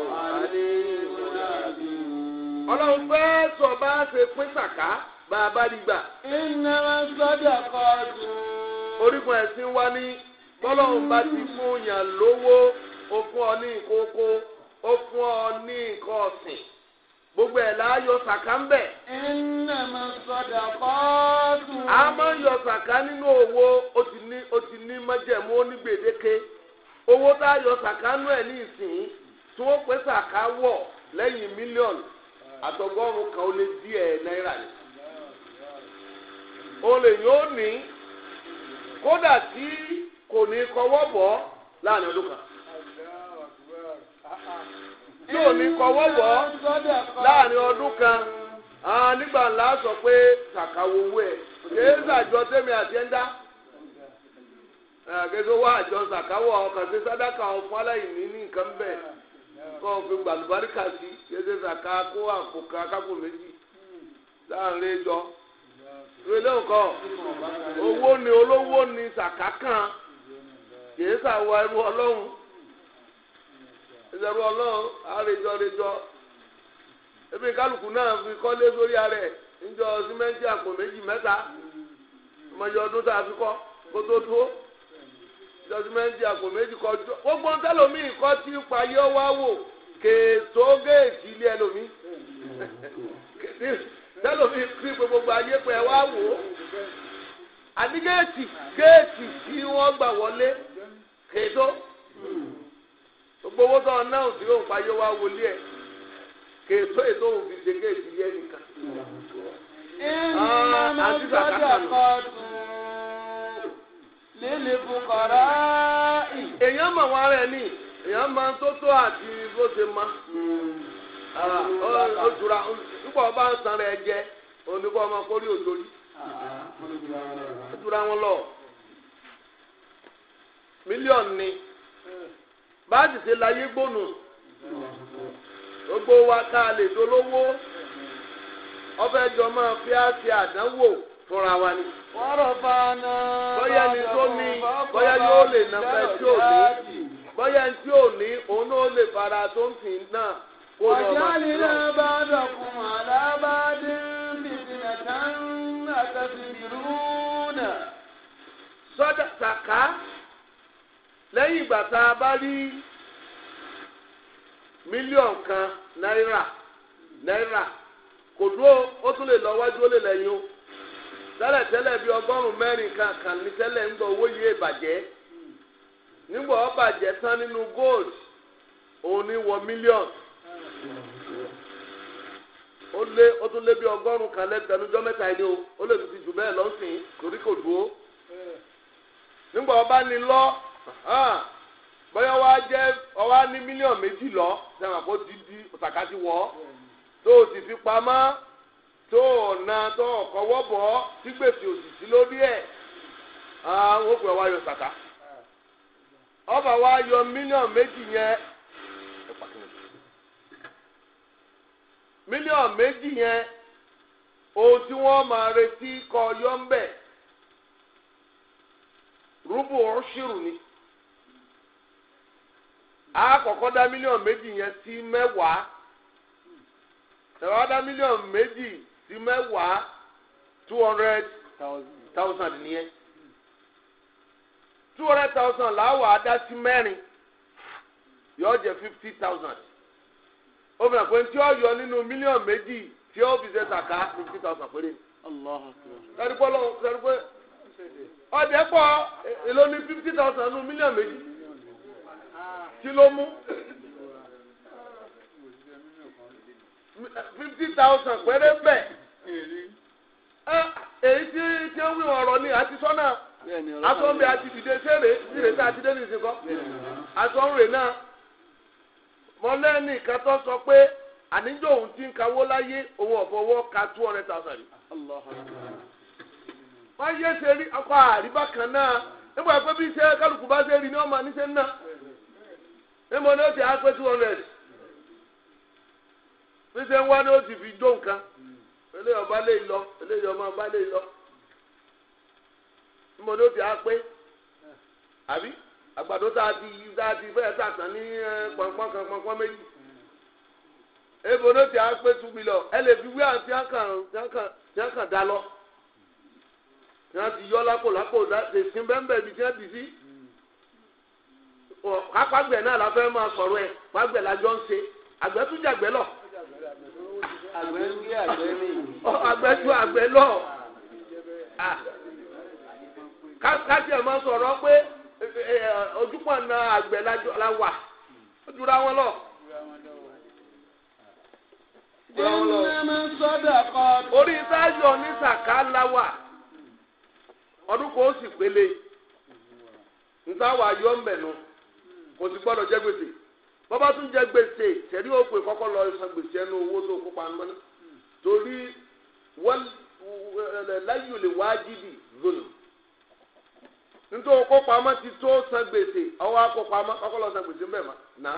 ọlọ́run fẹ́ sọ bá ṣe pín sàká bá a bá rí gbà. iná sọ́dọ̀ kọ́ dùn. orígun ẹ̀sìn wa ti fún yàn lówó fún ọ ní ìkókó ọ ní nǹkan gbogbo ẹ̀ la saka sàká ń bẹ̀. ìnáma sọ̀dà a máa yọ sàká nínú owó ti owó tá a yọ sàká nú ẹ̀ ní ìsìn tí wọ́n àtọgọ́rùn kan ó lé díẹ̀ náírà ni olè yóò ní kódà tí kò ní kọwọ́ bọ̀ láàrin ọdún kan yóò ní kọwọ́ bọ̀ láàrin ọdún kan nígbà ńlá sọ pé kàkàwọ owó ẹ̀ kìí ṣàjọ tẹ́mi àti ẹ̀ ń dá kìí ṣe ọkàn sí sádàkà ọ̀fọ́lẹ́yìn ní nǹkan bẹ́ẹ̀. kọ́ òfin gbàlùbáríkà sí kéde sàká kó àpò kan kápò méjì láàrin ìjọ ìrẹ̀lẹ̀ òkọ owó ni olówó ni sàká kan kìí sàwọ ẹrú ọlọ́run ìṣẹ̀rú ọlọ́run àrèjọ rèjọ ebi kálukú náà fi kọ́lé sórí arẹ̀ níjọ símẹ́ǹtì àpò méjì mẹ́ta ọmọ tá a fi kọ́ jọjúmẹ́ntì àpò méjì kọ́ gbogbo tẹ́lómìn kọ́ tí payọ́ wá wò kètò géètì ilé ẹlòmí tẹ́lómìn kí gbogbo ayé pẹ́ wá wò àní géètì géètì tí wọ́n gbà wọlé kètò gbogbo owó tó náà tí òun payọ́ wá wọlé ẹ̀ kètò ètò òun fi ṣe géètì yẹn nìkan. ìnáwó sọ́jà kọ́ ọdún. lele bukọ̀rọ̀ ì. èèyàn mọ̀ wá rẹ̀ ni èèyàn máa ń tó tó àti ma. ó nípa ọba ń san rẹ̀ jẹ ọmọ ó wọn lọ mílíọ̀nù ni báàsì gbogbo wa ká lè dolówó ọbẹ̀ jọ máa fúnra wa ni. bóyá ni tó ní bóyá yóò lè nà tí ò ní bóyá ní tí ò ní òun náà lè fara tó ń fi náà kó ni bá dọ̀kun sàká lẹ́yìn kan náírà náírà kò dúró ó tún lè lọ tẹ́lẹ̀tẹ́lẹ̀ bíi ọgọ́rùn-ún mẹ́rin kankan ní tẹ́lẹ̀ ń owó yìí ìbàjẹ́ nígbà ó tán nínú gold òun ní wọ mílíọ̀n ó lé ó tún lé bíi ọgọ́rùn-ún mẹ́ta ilé o ó lè jù torí kò dúró nígbà ó bá ní lọ ah, ní méjì lọ dídí wọ tó fi tó na tó kọ́wọ́ bọ̀ tí gbèsè òsìsì lórí ẹ̀ àwọn òkú ẹ̀ wá yọ sàkà ọba wa yọ mílíọ̀n méjì yẹn mílíọ̀n méjì yẹn ohun tí wọ́n máa retí kọ yọ ń bẹ̀ rúbù ọ̀ṣìrù ni àkọ́kọ́ dá mílíọ̀n méjì yẹn sí mẹ́wàá tẹ̀wá dá mílíọ̀n méjì. sí mẹ́wàá two hundred thousand nìyẹn two hundred thousand làwọn adá sí mẹ́rin yóò jẹ́ fifty thousand ó fi hàn pé tí ó yọ nínú mílíọ̀nù méjì tí ó fi ṣe sàká fifty thousand péré. sẹ́dúpọ̀ lọ sẹ́dúpọ̀ ọ̀dẹ́ pọ̀ èló ní fifty thousand nínú mílíọ̀nù méjì kí ló mú fifty thousand péré bẹ́ẹ̀. Ah, èyí tí tí ọrọ wí ọ̀rọ̀ ni àti sọ́nà asọ́nbẹ àti dìde a ti àti dẹ́nu ìsìnkọ́ asọ́nrẹ̀ náà mọ́lẹ́ni kan tó sọ pé àníjọ́ òun ti ń kawó láyé òun ọ̀fọwọ́ ka two hundred thousand. wọ́n yé ṣe rí ọkọ̀ àríbá kan náà nígbà pé bí iṣẹ́ kálukú bá ṣe rí ni ń ná two hundred bí ń wá eléyìí ọba lè lọ eléyìí ọmọ ọba lè lọ níbo ni ó ti á pé àbí àgbàdo tá a ti yí tá a ti fẹ́ sàtàn ní pọ̀npọ̀n kan pọ̀npọ̀n méjì ebo ní ó ti á pé túbi lọ ẹ lè fi wí àti àkàn dá lọ tí wọ́n ti yọ lápò lápò lè sin bẹ́ẹ̀ bí tí wọ́n ti sí kápágbẹ̀ náà la fẹ́ máa sọ̀rọ̀ ẹ̀ págbẹ̀ la jọ ń ṣe àgbẹ̀ tún jàgbẹ́ lọ. àgbẹ̀ ń gbé àgbẹ̀ mi. àgbẹ̀ ju àgbẹ̀ lọ kájí ẹ̀ máa sọ̀rọ̀ pé ojúpọ̀ na àgbẹ̀ la wà ojúra wọn lọ. orí sáájú onísàká la wà ọdún kan ó sì pélé nta wà yọ nù kò sì bọ́bá tún jẹ gbèsè sẹ́rí òpè kọ́kọ́ lọ san gbèsè ẹnu owó tó kó pamọ́ ní. torí wọ́n lẹ́yìn olè wájibì zòlù. nítorí kó pamọ́ ti tó san gbèsè ọwọ́ akó pamọ́ kọ́kọ́ lọ san gbèsè ma nà.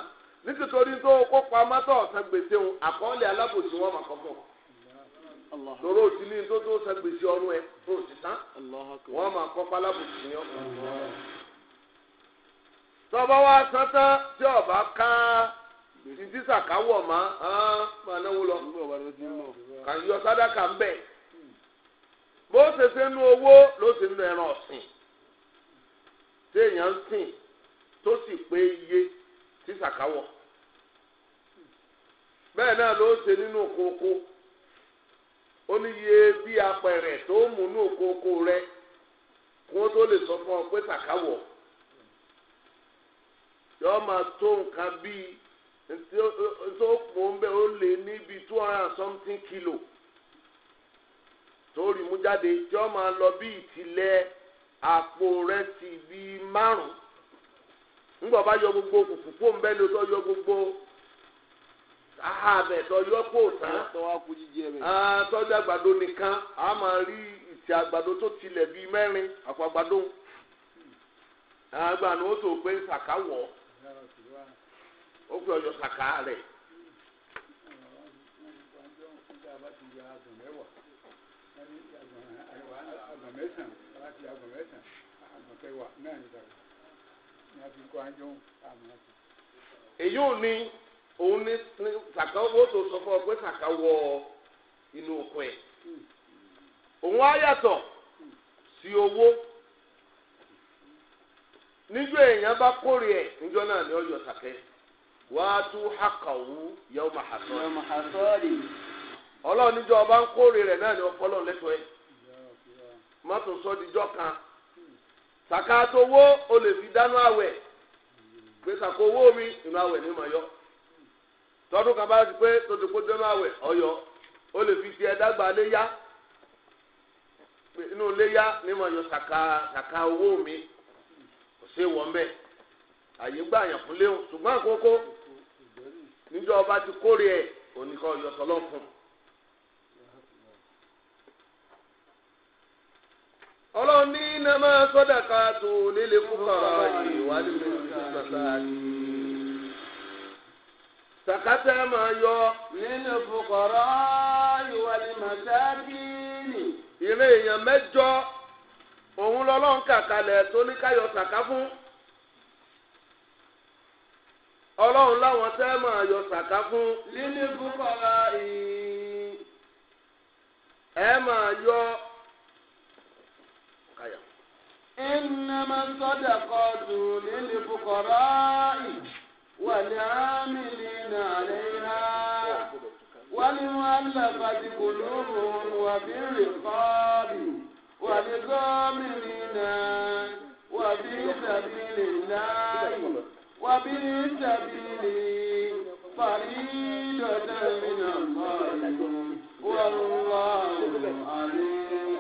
nítorí tó kó pamọ́ tó san gbèsè òun àkọọ́lẹ̀ alábòsí wọn mà kọ́kọ́. lọ́rọ́ òtí ní tó tó san gbèsè ọ̀run ẹ̀ tó ti tán. wọ́n kọ́kọ́ tọ́ba wa tán tán tí ọba ká títí sàkáwọ̀ mọ́ máa náwó lọ kà ń yọ sádàkà ń bẹ̀. bó ṣe ṣe nú owó ló ṣe nú ẹran ọ̀sìn téèyàn ń sìn tó sì pé iye tí sàkáwọ̀. bẹ́ẹ̀ náà ló ṣe nínú kókó ó ní iye bí apẹ̀rẹ̀ tó mú nú kókó rẹ kó tó lè sọ fún ọ pé sàkáwọ̀. yọọ máa tó nǹkan bíi tó pò ń ó lé níbi two hundred something kilo tó rí mú jáde yọọ máa lọ bí ìtìlẹ̀ àpò rẹ ti bíi márùn ńgbọ̀ yọ gbogbo kùkù kó ń yọ gbogbo aha bẹ yọ kó tán tọjọ àgbàdo nìkan a máa rí ìtì àgbàdo tó tilẹ̀ bíi mẹ́rin àpò àgbàdo àgbàdo ah, ó fi ọyọ kàkà rẹ̀. èyí ò ní òun ní kàkà owó tó sọ fún ọ pé kàkà wọ inú òkun ẹ òun á yàtọ̀ sí owó. níjọ́ èèyàn bá kórè ẹ̀ níjọ́ náà ni ọyọ sàkẹ́ wàá tú hakawu yẹ ọmọ àṣọ rẹ. ọmọ ọba ń kórè rẹ̀ náà ni ọkọ ọlọ́run lẹ́tọ̀ọ́ ẹ̀ mọ́tò sọ díjọ́ kan sàkà tó wó o lè fi dáná àwẹ̀ pé sàkó owó mi ni mà yọ o lè fi dágbà sí wọ́n bẹ̀ àyè gbà yàn fún ṣùgbọ́n àkókò níjọ́ ọba ti kórè ẹ̀ oníkọ́ yọtọ̀ fún. ọlọ́run ní iná máa sọ́dà ká tó nílé fúkàrà ìwádìí mi nígbàtà ni. sàkátà máa yọ. nínú ìwádìí màtá bíi nì. ìrìn èèyàn mẹ́jọ. òun lọ́lọ́run kàkalẹ̀ tó ní káyọ̀ sàká fún ọlọ́run láwọn tẹ́ máa yọ sàká fún. lílí fúkọ́ra ìhìn ẹ máa yọ. إنما الصدقات للفقراء والعاملين عليها والمؤلفة قلوبهم وفي الرقاب وبالغامرين وفي سبيل الله وفي سبيل فريدة من الله والله عليم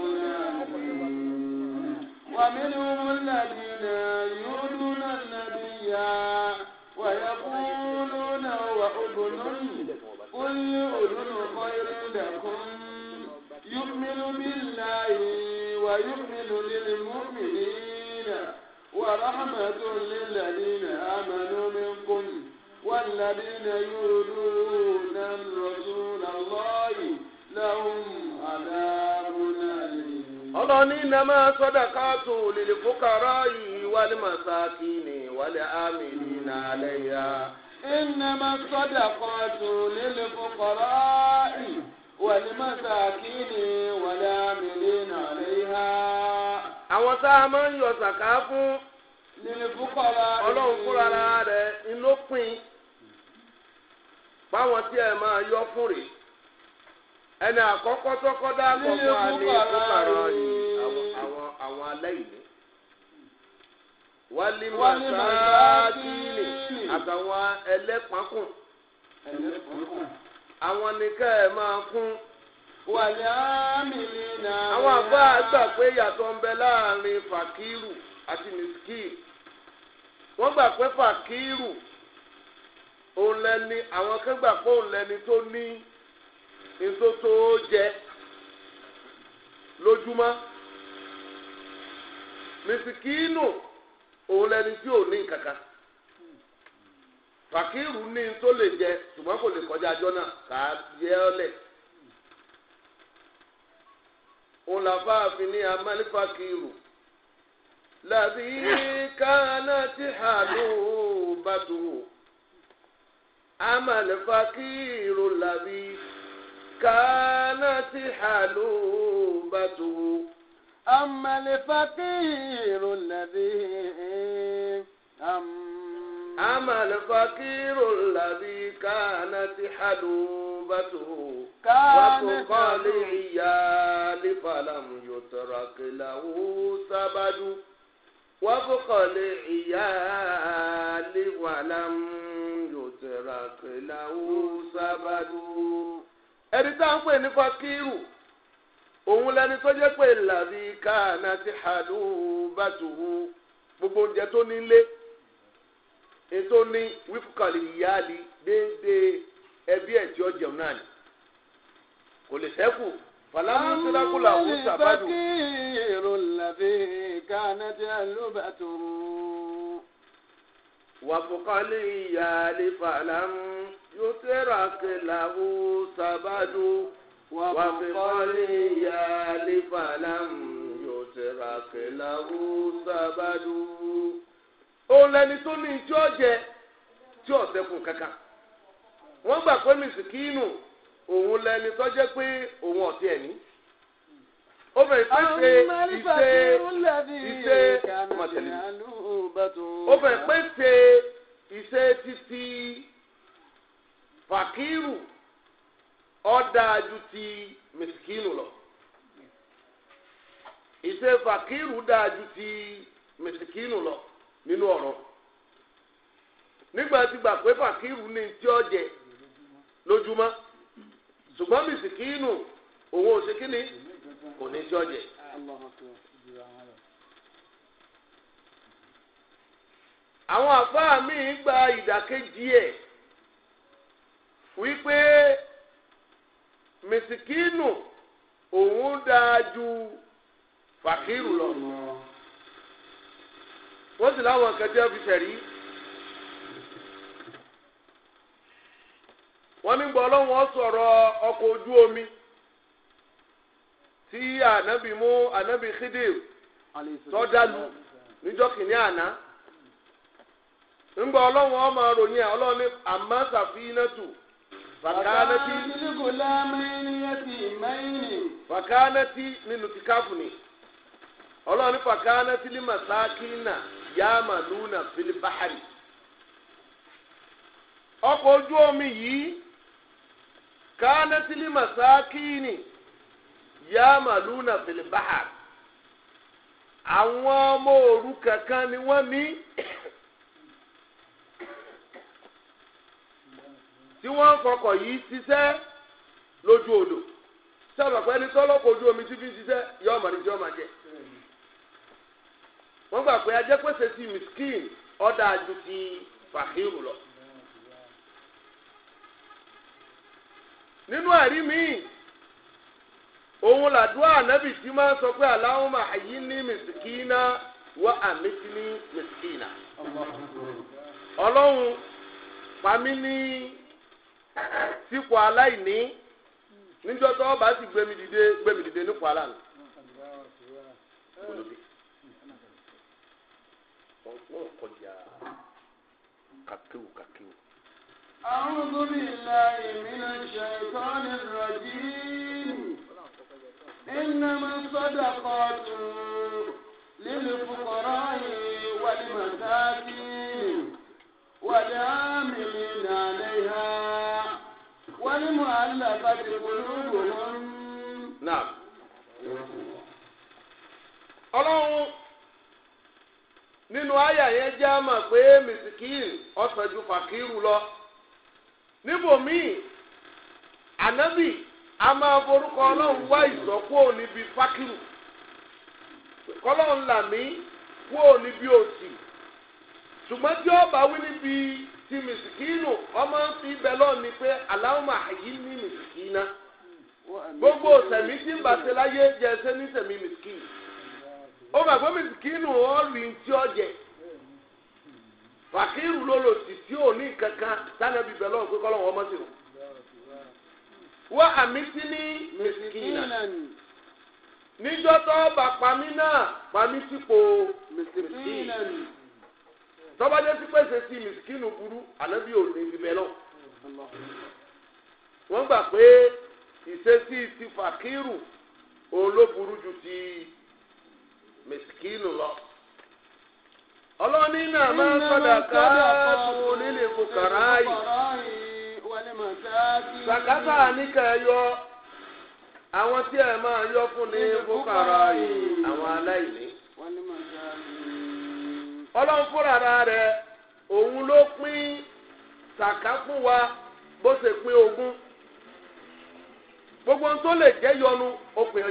ومنهم الذين يؤذون النبي ويقولون هو أذن قل أذن خير لكم يؤمن بالله ويؤمن للمؤمنين ورحمة للذين آمنوا منكم والذين يؤذون رسول الله لهم عذاب أليم ọlọ́ni nàmá sọ́dàkàtù lil fuqara'i wal masakini wal amilina alayha. إنما الصدقات للفقراء wàlímọ̀sàkínì wàlá mìlínà léha. àwọn tá a máa ń yọ sàká fún. ọlọ́run fúnra báwọn tí ẹ máa yọ fún rèé ẹni àkọ́kọ́ tọ́kọ́ dá kọ̀ọ̀kan ìfúkàrọ̀ àwọn àwọn aláìní. wálé àtàwọn àwọn nìkan ẹ̀ máa kún. wàlẹ́ àmìlì náà. àwọn àbá gbà pé yàtọ̀ ń bẹ láàrin fàkírù àti mìsíkìrì. wọ́n gbà pé fàkírù òun lẹni àwọn kan gbà pé òun lẹni tó ní èso jẹ lójúmọ́. mìsíkìrì nù òun lẹni tí ò ní kankan fàkírù ní tó lè jẹ ṣùgbọ́n kò lè kọjá ajọ́ náà kà á yẹ ọ́ lẹ̀. òun làfa àfin ní amálífàkírù làbí kánà tí hàlù bá tù wò amálífàkírù làbí kánà tí hàlù bá tù wò làbí أما الفقير الذي كانت حدوبته وفق لعيال فلم يترك له سبد وفق لعيال ولم يترك له سبد ẹni tá à ń pè ní fakiru òun lẹni tó jẹ́ pé làbí káànà ti hàdùn bàtùhù gbogbo oúnjẹ tó nílé ètò ní wífúkàlì ìyáàlì déédéé ẹbí ẹ̀ tí ó jẹun náà ni kò lè sẹ́kù fàlámù sílákùlà kò sàbádù. wàfúkàlì ìyáàlì fàlámù yóò tẹ́ra kẹlà kò sàbádù wàfúkàlì ìyáàlì fàlámù yóò tẹ́ra kẹlà kò sàbádù. òun lẹni tó ní ijó ọjẹ tí ọ̀sẹ̀kùn kankan wọ́n gbà pé mìsìkínù òun lẹni tó jẹ́ pé òun ọ̀tí ẹ̀ ní. ó ṣe ìṣe ìṣe mọ̀tẹ́lẹ̀ pé ṣe títí fàkírù ti mìsìkínù lọ. ìṣe fàkírù ti mìsìkínù lọ. nínú ọ̀rọ̀ nígbà tí gbà pé fàkírù ní tí ó jẹ lójúmọ́ ṣùgbọ́n mìsìkínù òun ò ṣe kíni kò ní tí ó jẹ. àwọn àfáà míì gba ìdàkejì ẹ̀ wípé mìsìkínù òun dáa ju fàkírù lọ. wọ́n sì láwọn nǹkan tí wọ́n fi wọ́n ní gbọ́ ọlọ́run sọ̀rọ̀ ọkọ̀ ojú omi tí ànábì mú ànábì Khidir níjọ́ kìíní àná ńgbọ́ ọlọ́run ọmọ ròyìn ọlọ́run ní àmọ́ sàfínàtù nínú ni ọlọ́run n'i n'i yamaluna fil bahari ọkọ̀ ojú omi yìí kánátìlì masakini yamaluna fil bahari àwọn ọmọ òru kankan ni wọ́n ní tí wọ́n kọkọ̀ yìí ṣiṣẹ́ lójú odò sábà pé ẹni tọ́lọ́kọ̀ ojú omi tí fi ṣiṣẹ́ yọ ọmọ tí wọ́n gbà pé ajẹ́ pèsè sí miskin ọ̀dà ju ti fàhírù lọ. nínú àrí míì òun làdúrà ànábì tí máa sọ pé Allahumma ahyini miskina wa amitni miskina. ọlọ́run pa mí ní sípò aláìní níjọ́ tó bá sì gbẹmí dìde gbẹmí dìde nípò aláìní wọ́n kọjá kakiw kakiw. أعوذ بالله من الشيطان الرجيم إنما الصدقات للفقراء والمساكين والعاملين عليها والمؤلفة قلوبهم نعم nínú àyà yẹn jẹ́ àmà pé mìsìkìyì ọ̀sán ju fàkìrù lọ níbòmíì ànábì a máa forúkọ ọlọ́run wá ìsọ́kúò níbi fákìrù kọ́lọ́run là mí kúò níbi òsì ṣùgbọ́n tí ọba wí níbi ti mìsìkìyìnù ọmọ fi ibẹ̀ lọ ni pé aláwọ̀mọ̀ àyí ní gbogbo sẹ̀mí tí ń bàtẹ́ láyé jẹ́ ẹsẹ́ sẹ̀mí ó mà gbọ́ mi kí nù ọ́ rí ti ọ̀jẹ̀ fàkírù ló lò sí tí ò ní kankan sanabi bẹ̀ lọ́wọ́ pé kọ́lọ́wọ́ ọmọ sí o wá àmì sí ní mẹsìkìnà níjọ́ tó bá pamí náà pamí sípò mẹsìkìnà tọ́ba jẹ́ sí pèsè sí mẹsìkìnà burú ànábì ò ní ibẹ̀ lọ wọ́n gbà pé ìṣesí ti fàkírù òun ju ti. mẹsìkínù lọ. ọlọ́ni náà máa ń sọ̀dà ká sùkú nílé ẹyọ àwọn tí ẹ máa yọ fún ní fòkàrà yìí àwọn aláìní. ọlọ́run fúnra rẹ̀ òun ló pín wa bó ṣe pín gbogbo ohun tó lè jẹ́ yọnu ó pín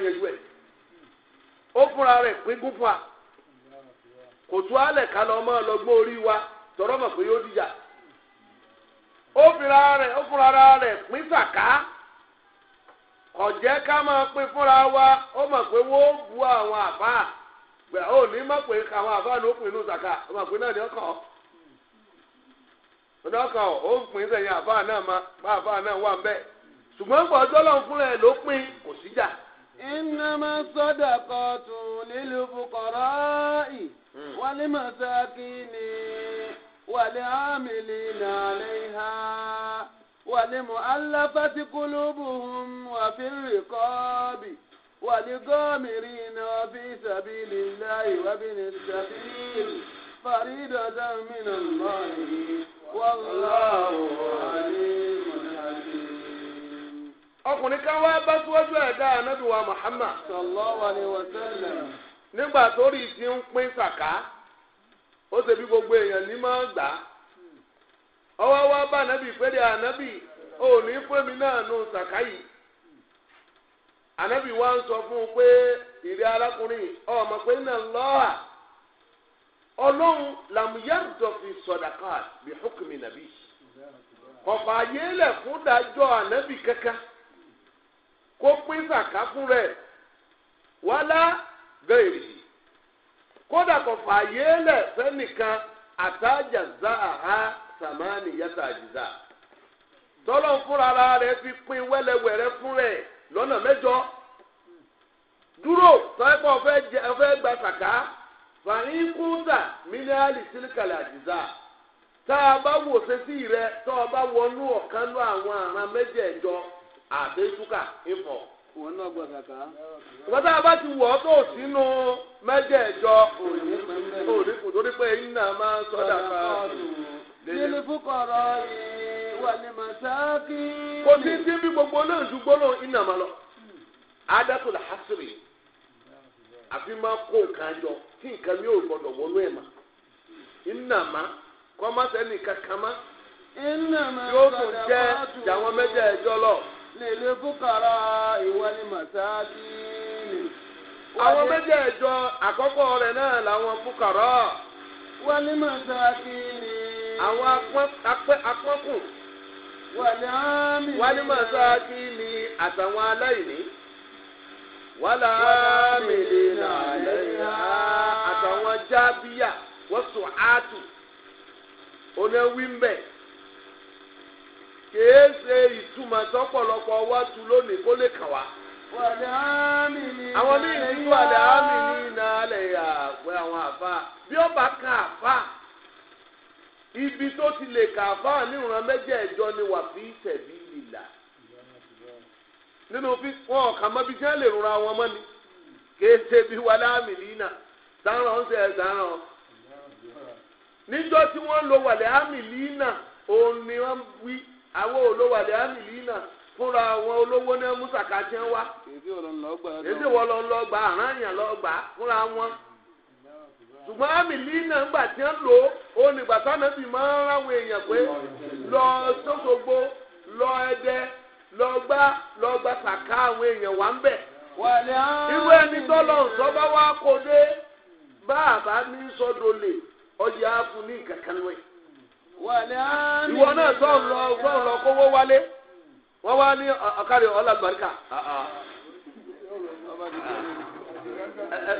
ó fúnra rẹ̀ pínkún fún wa kò tún alẹ̀ ká lọ mọ́ ọlọ́gbọ́n orí wa tọ̀rọ̀ mọ̀ pé yóò dìjà ó fúnra rẹ̀ pín sàká ọ̀jẹ́ ká máa pín fúnra wa ó mọ̀ pé wọ́n bu àwọn àbá gbà ó ní mọ̀ pé àwọn àbá ló inú sàká ó mọ̀ pé náà ó ó ń sẹ́yìn àbá náà má àbá náà wà ń bẹ́ẹ̀ ṣùgbọ́n gbọ́dọ́ lọ́n fúnra ẹ̀ ló kò síjà. إنما الصدقات للفقراء والمساكين والعاملين عليها والمؤلفة قلوبهم وفي الرقاب ولقامرين وفي سبيل الله وابن السبيل فريدة من الله والله عليم ọkùnrin kan wá bá síwájú ẹ̀dá ànábì Muhammad. sallallahu alaihi wa sallam. nígbà tó rí ti ń pín sàká ó ṣe bí gbogbo èèyàn ní máa gbà á. ọwọ́ wá bá ànábì pé dé ànábì ní fún náà nù sàká yìí. ànábì wá ń sọ fún un pé ìrẹ́ arákùnrin ọmọ pé kó pín sàká fún rẹ̀ wálá gẹ̀rì kódà kò fààyè lẹ̀ fẹ́nìkan àtàjà àhá sàmánì yàtà àjìzá tọ́lọ́ fúnra rẹ̀ fi pín wẹ́lẹ́wẹ̀rẹ́ fún rẹ̀ lọ́nà mẹ́jọ dúró tọ́ẹ́pọ̀ ọ̀fẹ́ gba kúndà àjìzá tá a bá wò sétí àbẹ́túkà ìfọ̀. wọn náà gbọ́dọ̀ ká. ìgbàdá bá ti wọ̀ ọ́ tó sínú mẹ́jẹ̀ẹ̀jọ òní kò torí pé eyín náà máa ń sọ́dà ká. nínú fúkọ̀rọ̀ ìwà ni màsáàkì. kò sí bí gbogbo náà ju iná máa lọ. adátò là hásìrì àfi máa kó lilfuqara'i wal masakin. àwọn méjèèjọ àkọ́kọ́ rẹ̀ náà làwọn fúkàrà. wal masakin. àwọn apọ́kùn. wal amin. wal masakin àtàwọn aláìní. wal amilina alayha. àtàwọn jábíyà wọ́n sùn áàtù. oníwí kìí ṣe ìtumọ̀ sọ́pọ̀lọpọ̀ wá tu lónìí kó lè kàn wá. àwọn míì ń tú àlẹ́ àmì ní iná alẹ́ yà pé àwọn àfa bí ó bá kan àfa ibi tó ti lè kà àfa níwọ̀n mẹ́jẹ̀ẹ̀jọ ni wà fi tẹ̀bí ìlà nínú fi wọn ọ̀kà mọ́bi jẹ́ lè rora wọn mọ́ ni kìí ṣe bí wàlẹ́ àmì ní iná sàrán ń ṣe ẹ̀ sàrán níjọ́ tí wọ́n lo wàlẹ́ àmì ní iná òun ni wọ́n wí. àwọn olówó àlẹ́ àmìlí fúnra àwọn olówó náà mùsàkà tí ń wá. èsì wọ́n lọ ń lọ gbà àrányàn lọ gbà fúnra wọn. ṣùgbọ́n àmìlí ńgbà tí ń lò ó nígbà táwọn fi máa ń ráwọn èèyàn pé lọ sọ́sọ́gbó lọ lọ lọ gbà sàká èèyàn wà ìwọ náà tó ń lọ kówó wálé wọn wá ní ọ̀kárí ọ̀là àlùbáríkà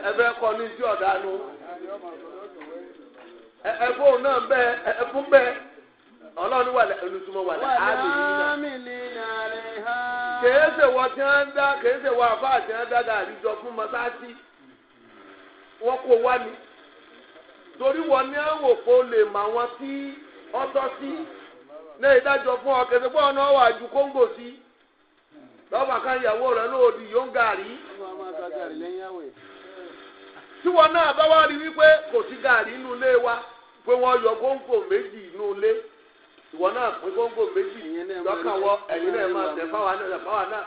ẹ̀fẹ́ ní tí ọ̀dà nu náà bẹ ẹ̀fún bẹ́ẹ̀ ọlọ́run wà wà wọ tí ń dá fún wá ní. torí wọn ní ọtọ sí ní ìdájọ́ fún ọ kẹsẹ̀ pọ̀ ọ̀nà ọwọ́ àjù kóńgò sí lọ́ba kan ìyàwó rẹ̀ lóòdì yóò ń gàrí. náà bá wá rí wípé kò sí gàrí inú ilé wa pé yọ kóńgò méjì inú ilé ìwọ náà kóńgò méjì ẹ̀yin náà máa tẹ̀ fáwa náà fáwa náà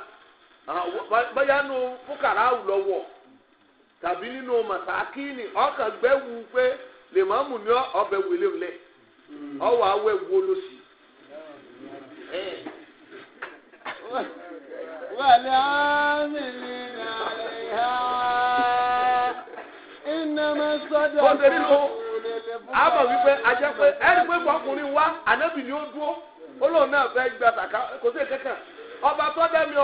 bóyá nu tàbí nínú màsákìnì ọkàn gbẹ́wù pé lèmọ́mù ni ọbẹ̀ wìlé wìlé. ọwọ awọ ewu olóṣì wàlẹ́ wípé ajẹ́ pé ẹni pé ọkùnrin wa ànábì ni ó dúró ó lóun náà fẹ́ gba tàkà kò sí kankan ọba tọ́jà mi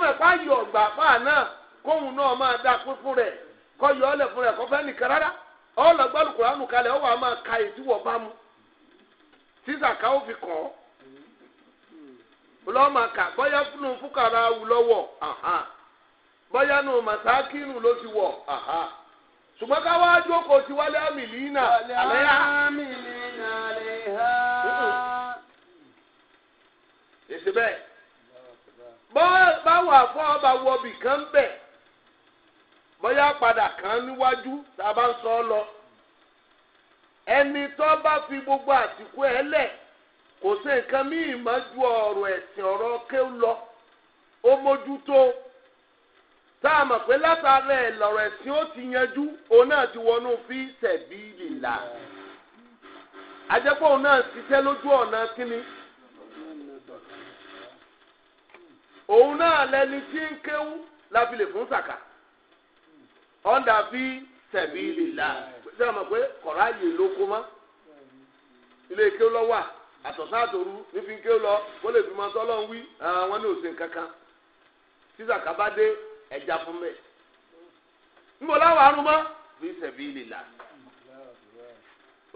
máa dá náà kóhun náà máa dá yọ fún nìkan rárá. ọlọgbàlù kuranu kalẹ̀ kalẹ a ma ka ìdíwọ̀ bá mu tíza ká ó fi kọ́ bọya bọ́yá nù fúkàrà wùlọ́wọ̀ bọ́yá nù màsákìnù ló ti wọ̀ ṣùgbọ́n ká wá jókòó ti wálé àmìlínà àlẹ́yà. èsì bẹ́ẹ̀ àfọ́ ọba bóyá padà kàn níwájú tá a bá ń sọ ọ lọ ẹni tó bá fi gbogbo àsìkò ẹ lẹ̀ kò sí nǹkan míì má ju ọ̀rọ̀ ẹ̀sìn ọ̀rọ̀ kéwù lọ ó mójútó tá a mọ̀ pé látara ẹ̀ lọ̀rọ̀ ẹ̀sìn ó ti yanjú òun náà ti wọnú fi tẹ̀bí lìlà ajẹ́pọ̀ òun náà ṣiṣẹ́ lójú ọ̀nà kínní òun náà lẹni tí ń kéwù láfi lè fún sàkà. ọ̀ndà fi sabilillah ṣé ọmọ pé kọ̀rọ̀ ààyè ló kó mọ́ ilé ike lọ wà àtọ̀sán àtòru nífi ike lọ kó lè fi máa tọ́lọ́ ń wí àwọn ah, ní òsè kankan sísà kábàdé ẹja fún bẹ́ẹ̀ níbo láwọn arún mọ́ fi sabilillah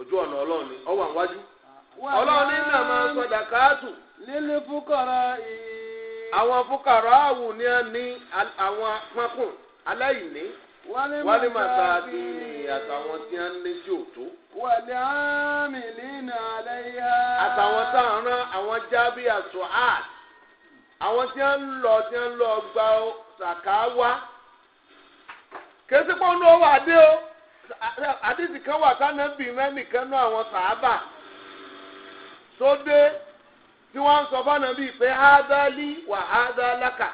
ojú ọ̀nà ọlọ́run ni ọwọ́ àwọn ọlọ́run ní nà máa sọdà káàtù. lílé fúkàrà yìí. àwọn fúkàrà àwù ni a ní àwọn pọnkùn aláìní wálé màtàdí ni àtàwọn tí a ń lé sí òtó. wàlẹ́ àmì nínú alẹ́ yá. àtàwọn tá à ń rán àwọn jábí àṣọ àt àwọn tí a ń lọ tí a ń lọ gba ṣàká wá. késìkò ní owó adé o àdìsí kan wà sáná bì mẹ́nìkan náà àwọn sàábà tó dé tí wọ́n ń sọ fọ́nà bíi pé ádálí wà ádá lákà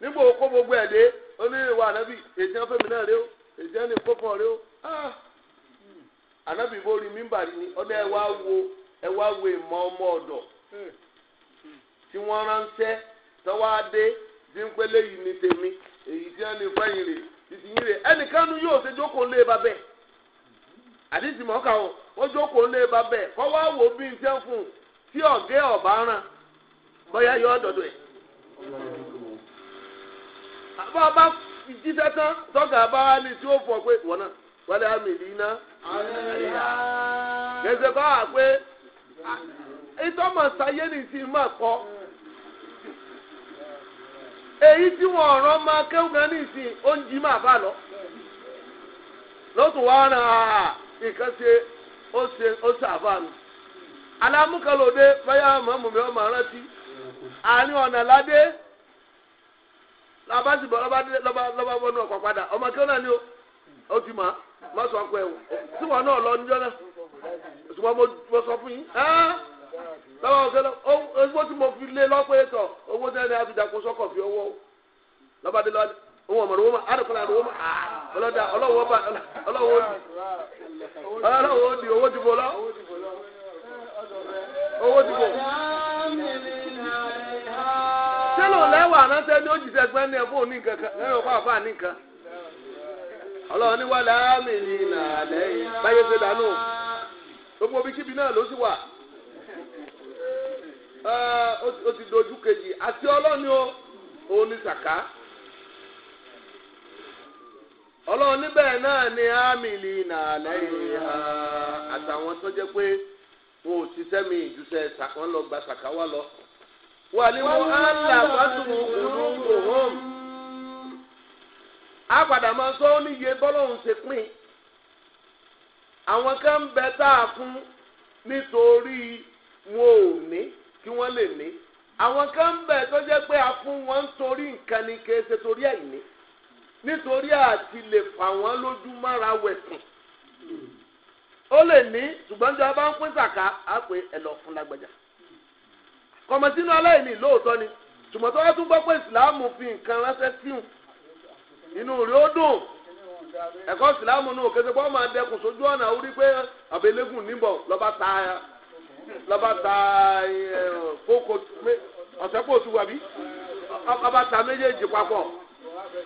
nígbà òkú gbogbo ẹ̀ dé. ó ní ìwà ànábì anfe afẹ́mi náà rẹ ó èjì ẹni kókàn rẹ ó ah! ànábì bó mímbàrí ni ọdẹ ẹ wá wo ẹ wá wo ìmọ̀ ọmọ ọ̀dọ̀ tí wọ́n ránṣẹ́ tọ́wọ́ adé ń pẹ́lẹ́ yìí ní tèmi èyí tí wọ́n fẹ́yìn rè títí yìí rè ẹnìkanu yóò ṣe jókòó lé babẹ́ àdìsí mọ́ká o wọ́n jókòó lé babẹ́ kọ́ wá wò bí n ṣe fún un tí ọ̀gẹ́ ọ̀bá bọ́yá yọ ọ́ dọ̀dọ̀ ẹ̀. bọ́ ọba jíṣẹ́ tán tọ́ka bá wá tí ó fọ pé wọ́n náà wọ́n lè àmì ìdí iná. gèsè kọ́ wà pé ìtọ́mọ̀ sáyé ní ti má kọ́ èyí tí wọ́n ọ̀ràn máa kéwù kan ní ìsìn oúnjẹ máa bá lọ lọ́tún wá ràn nǹkan ṣe ó ṣe ó lọba lọba bọ̀ lọ́ba wọnú ọkọ̀ padà ọmọ kí ó náà o ó ti náà lọ náà mo sọ fún yín tí mo fi lé owó fi dé owó ọmọdé owó ma ah, àdókòlá owó ma ọlọ́dà ọlọ́wọ́ bá ọlọ́wọ́ di ọlọ́wọ́ di owó dìbò lọ owó dìbò. lẹ́wà ránṣẹ́ ni ó jìṣẹ́ pẹ́ ní ẹ̀fọ́ ní nǹkan kan ẹ̀rọ fún àfáà ní nǹkan. ọlọ́run ní wàlá mi ní ìlàlẹ́ yìí báyé ṣe dànù gbogbo kíbi náà ló sì wà. ó ti dojú kejì àti ọlọ́run òun ní sàká. ọlọ́run níbẹ̀ náà ni ámìlì ìlàlẹ́ wàlímúhálàfàtù òrùngbòhùn. a padà máa sọ ó níye bọ́lọ́hún ṣe pín. àwọn kan bẹ tá a fún nítorí wọn ò ní kí wọ́n lè ní. àwọn kan ń bẹ tó jẹ́ pé a fún wọn nítorí nǹkan ni kì í ṣe torí àìní. nítorí àti lè fà wọ́n lójú mára wẹ̀sìn. ó lè ní ṣùgbọ́n tí a bá ń pín sàká á pè é lọ fún lágbájá kọmọtínú aláìní lóòótọ́ ni ṣùgbọ́n tó wá tún gbọ́ pé ìsìláàmù fi nǹkan ránṣẹ́ síhùn inú rẹ̀ ó dùn ẹ̀kọ́ ìsìláàmù nù kété pọ́ máa dẹkùn sójú ọ̀nà orí pé àbẹ̀lẹ́gùn níbọ̀ lọ́ba ta lọ́ba ta kókò ọ̀sẹ̀ pò tu wàbí ọba ta méjèèjì papọ̀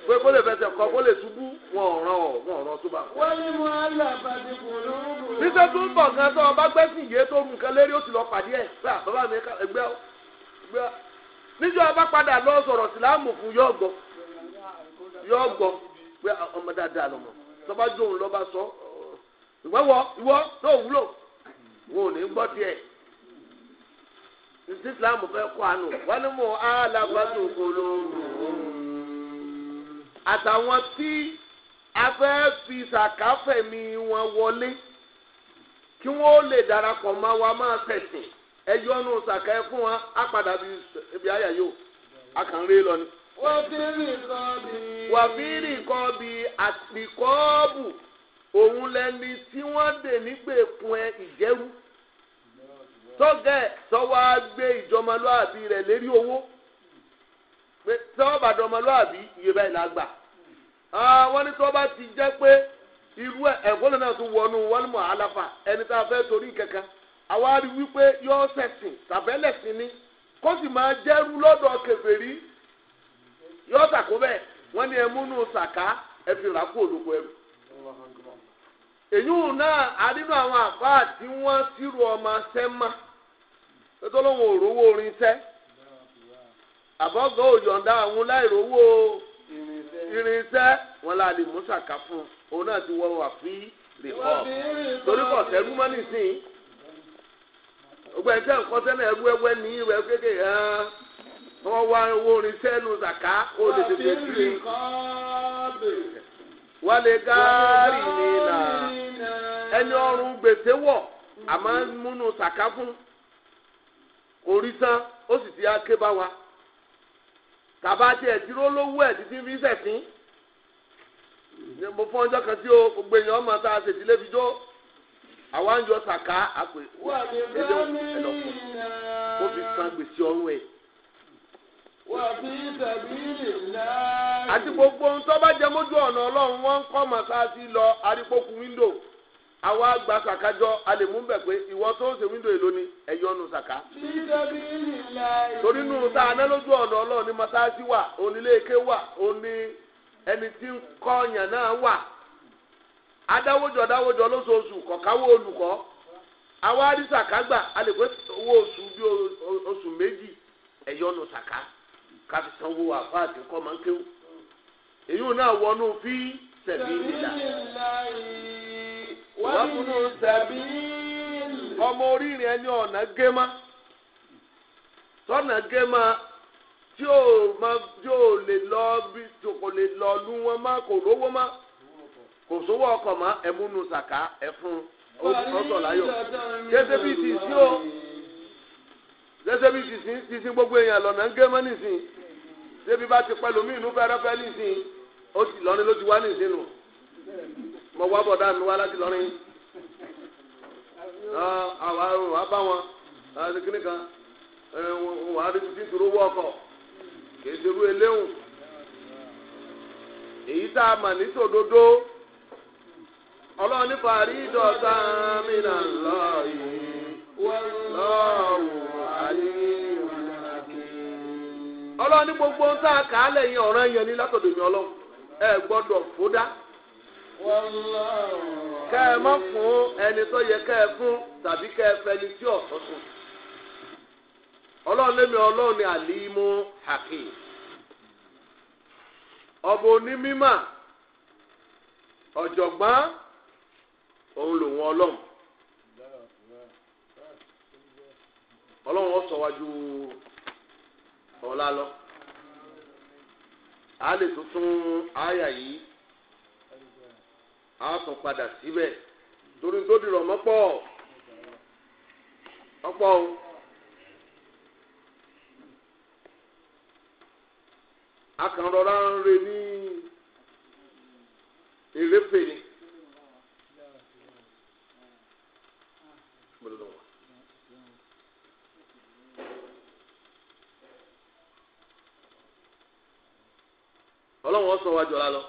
pé kó lè fẹsẹ̀ kọ́ kó lè ṣubú wọn ò ràn ọ́ wọn ò ràn túbà. wọ́n ní mo á là bàtí kò lóhùn. níṣẹ́ tó ń bọ̀ gan tó ọba gbẹ́sìn yé tó mú nǹkan lérí ó ti lọ pàdé ẹ̀ gbà gbá níjọ́ abá padà lọ sọ̀rọ̀ síláàmù fún yọ gbọ́ yọ gbọ́ pé ah, ọmọ dáadáa lọ́mọ tọ́ba jóun lọ́ba sọ ìwọ ìwọ náà wúlò wọn ò ní gbọ́ tiẹ̀ ní síláàmù fẹ́ kọ́ àánú wọn ni mo alábàtò kolóòrùn àtàwọn tí a fẹ́ fi sàkáfẹ̀mí wọn wọlé kí wọ́n lè darapọ̀ mọ́ wa máa tẹ̀sìn ẹyọ ọnu sàkà ẹ fún wa á padà bí ibi àyà yóò akànlé lọ ni. wàfíìrì kọ́ bí àtìkọ́ọ̀bù òun lẹni tí wọ́n dè nígbèkùn ẹ ìjẹ́rú tọ́gẹ̀ tọ́wọ́ gbé ìjọmọlúàbí rẹ̀ lérí owó pé tọ́wọ́ bá dọmọlúàbí iye báyìí la gbà wọ́n ní tọ́wọ́ bá ti jẹ́ pé irú ẹ̀kọ́ lọ́nà tó wọnú wọ́n mọ̀ àlàfà ẹni tá a fẹ́ torí kankan àwa rí wípé yóò ṣẹ̀sìn tàbẹ́lẹ̀ sí ni kó sì máa jẹ́rú lọ́dọ̀ kèfèrí yóò sàkó bẹ́ẹ̀ wọ́n ní ẹmúnú sàká ẹ fi rà kú olùkọ ẹrú. èyí náà arínú àwọn àfáà tí wọ́n sírò ọmọ sẹ́mà tó lóun ò rówó orin sẹ́ àbọ̀gọ́ òyọ̀ǹda àwọn láìrówó irinṣẹ́ wọn la lè mú sàká fún un òun náà ti wọ́n wà fí rè hàn torí kọ̀ sẹ́rú mọ́ nísìnyí gbogbo ẹ̀ṣẹ̀ nkọ́sẹ́lẹ̀ ẹ̀wú ẹ̀wẹ́ ní ìwẹ̀ kéèké hàn wọ́n wá owó orin sẹ́nu zàká ó lè tètè kiri wọ́n lè gáárì nìlà ẹni ọrùn gbèsè wọ̀ àmọ́ múnú zàká fún orí tán ó sì ti ké bá wa tàbá tiẹ̀ dúró lówó ẹ̀ títí fi sẹ̀sìn mo fọ́njọ́ kan tí o gbogbo ọmọ tá a ṣètìlẹ́ fi jó àwọn àjọ sàká àpè wà ní ẹlẹ́wọ̀n ẹlọ́kùn ó fi san gbèsè ọrùn ẹ̀. wà á fi tàbí lè láàyè. àti gbogbo ohun tó bá jẹ mójú ọ̀nà ọlọ́run wọ́n ń kọ́ màsáàsì lọ arípòkù wíńdò àwa gba sàká jọ a lè mú bẹ̀ pé ìwọ tó ń ṣe wíńdò èlò ni ẹ̀yọ́ nu sàká. torí nù tá a ná lójú ọ̀nà ọlọ́run ni màsáàsì wà onílé ike wà oní ẹni tí ń kọ́ ọ̀yàn náà wà. adáwójọ dáwójọ lóṣooṣù kọ̀káwó olùkọ́ àwa rí sàká a owó oṣù bí oṣù méjì ẹ̀yọ́nu sàká káfí sanwó àfa àti máa ń kéwù èyí ò náà wọnú fí nílà ọmọ orírin ẹni ọ̀nà gémá tọ́nà gémá tí ò lè lọ bí kò lè lọ wọn má kò sówó ọkọ̀ mọ́ ẹ̀múnú sàká ẹ̀fún ọ̀sọ̀ láyọ̀ gẹ́gẹ́ bí ti sí o gẹ́gẹ́ bí ti sí ti sí gbogbo èèyàn lọ́nà ń gé mọ́ nísìn débi bá ti pẹ́ lómi ìlú fẹ́rẹ́fẹ́ nísìn ó ti lọ́rin ló ti wá nísìn nù mo wá bọ̀dá mi wá láti lọ́rin àwa wà bá wọn àti kíní kan wà á rí títí dúró wọ ọkọ̀ kì í ṣerú eléhùn èyí tá a mà ní tòdodo. ọlọ́run ní fàrídọ̀tà mìnà lọ́ọ̀yì wọ́n lọ́ọ̀wọ̀ ayé ọlọ́run ní gbogbo ń sáà kà á lẹ́yìn ọ̀ràn yẹn ní látọ̀dọ̀ mi ẹ gbọ́dọ̀ fódá kẹ́ ẹni tó yẹ tàbí kẹ́ ẹ tí ọ̀tọ̀ òun lòun ọlọ́run ọlọ́run ọ̀sọ̀ wájú ọ̀la lọ a lè tuntun àyà yìí a tún padà síbẹ̀ torí tó dìrọ̀ mọ́pọ̀ ọ̀pọ̀ o. akànrọ̀ra ń re ní èrèpè ni. ọlọ́run ọ̀sán wájú ọ̀la lọ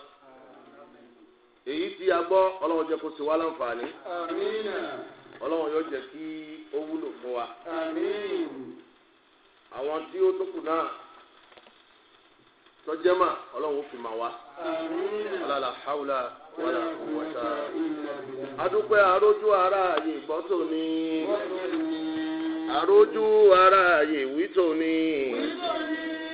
èyí tí a gbọ́ ọlọ́run jẹ́ kó ṣe wá láǹfààní ọlọ́run yóò jẹ́ kí ó wúlò fún wa àwọn tí ó tó kù náà tọ́jẹ́mà ọlọ́run fi mà wá ọ̀làlà haúlà wàlà wàtà adúpẹ́ arójú ara ààyè gbọ́tò ni arójú ara ààyè wítò ni.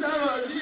ń tẹ̀wọ̀ sí.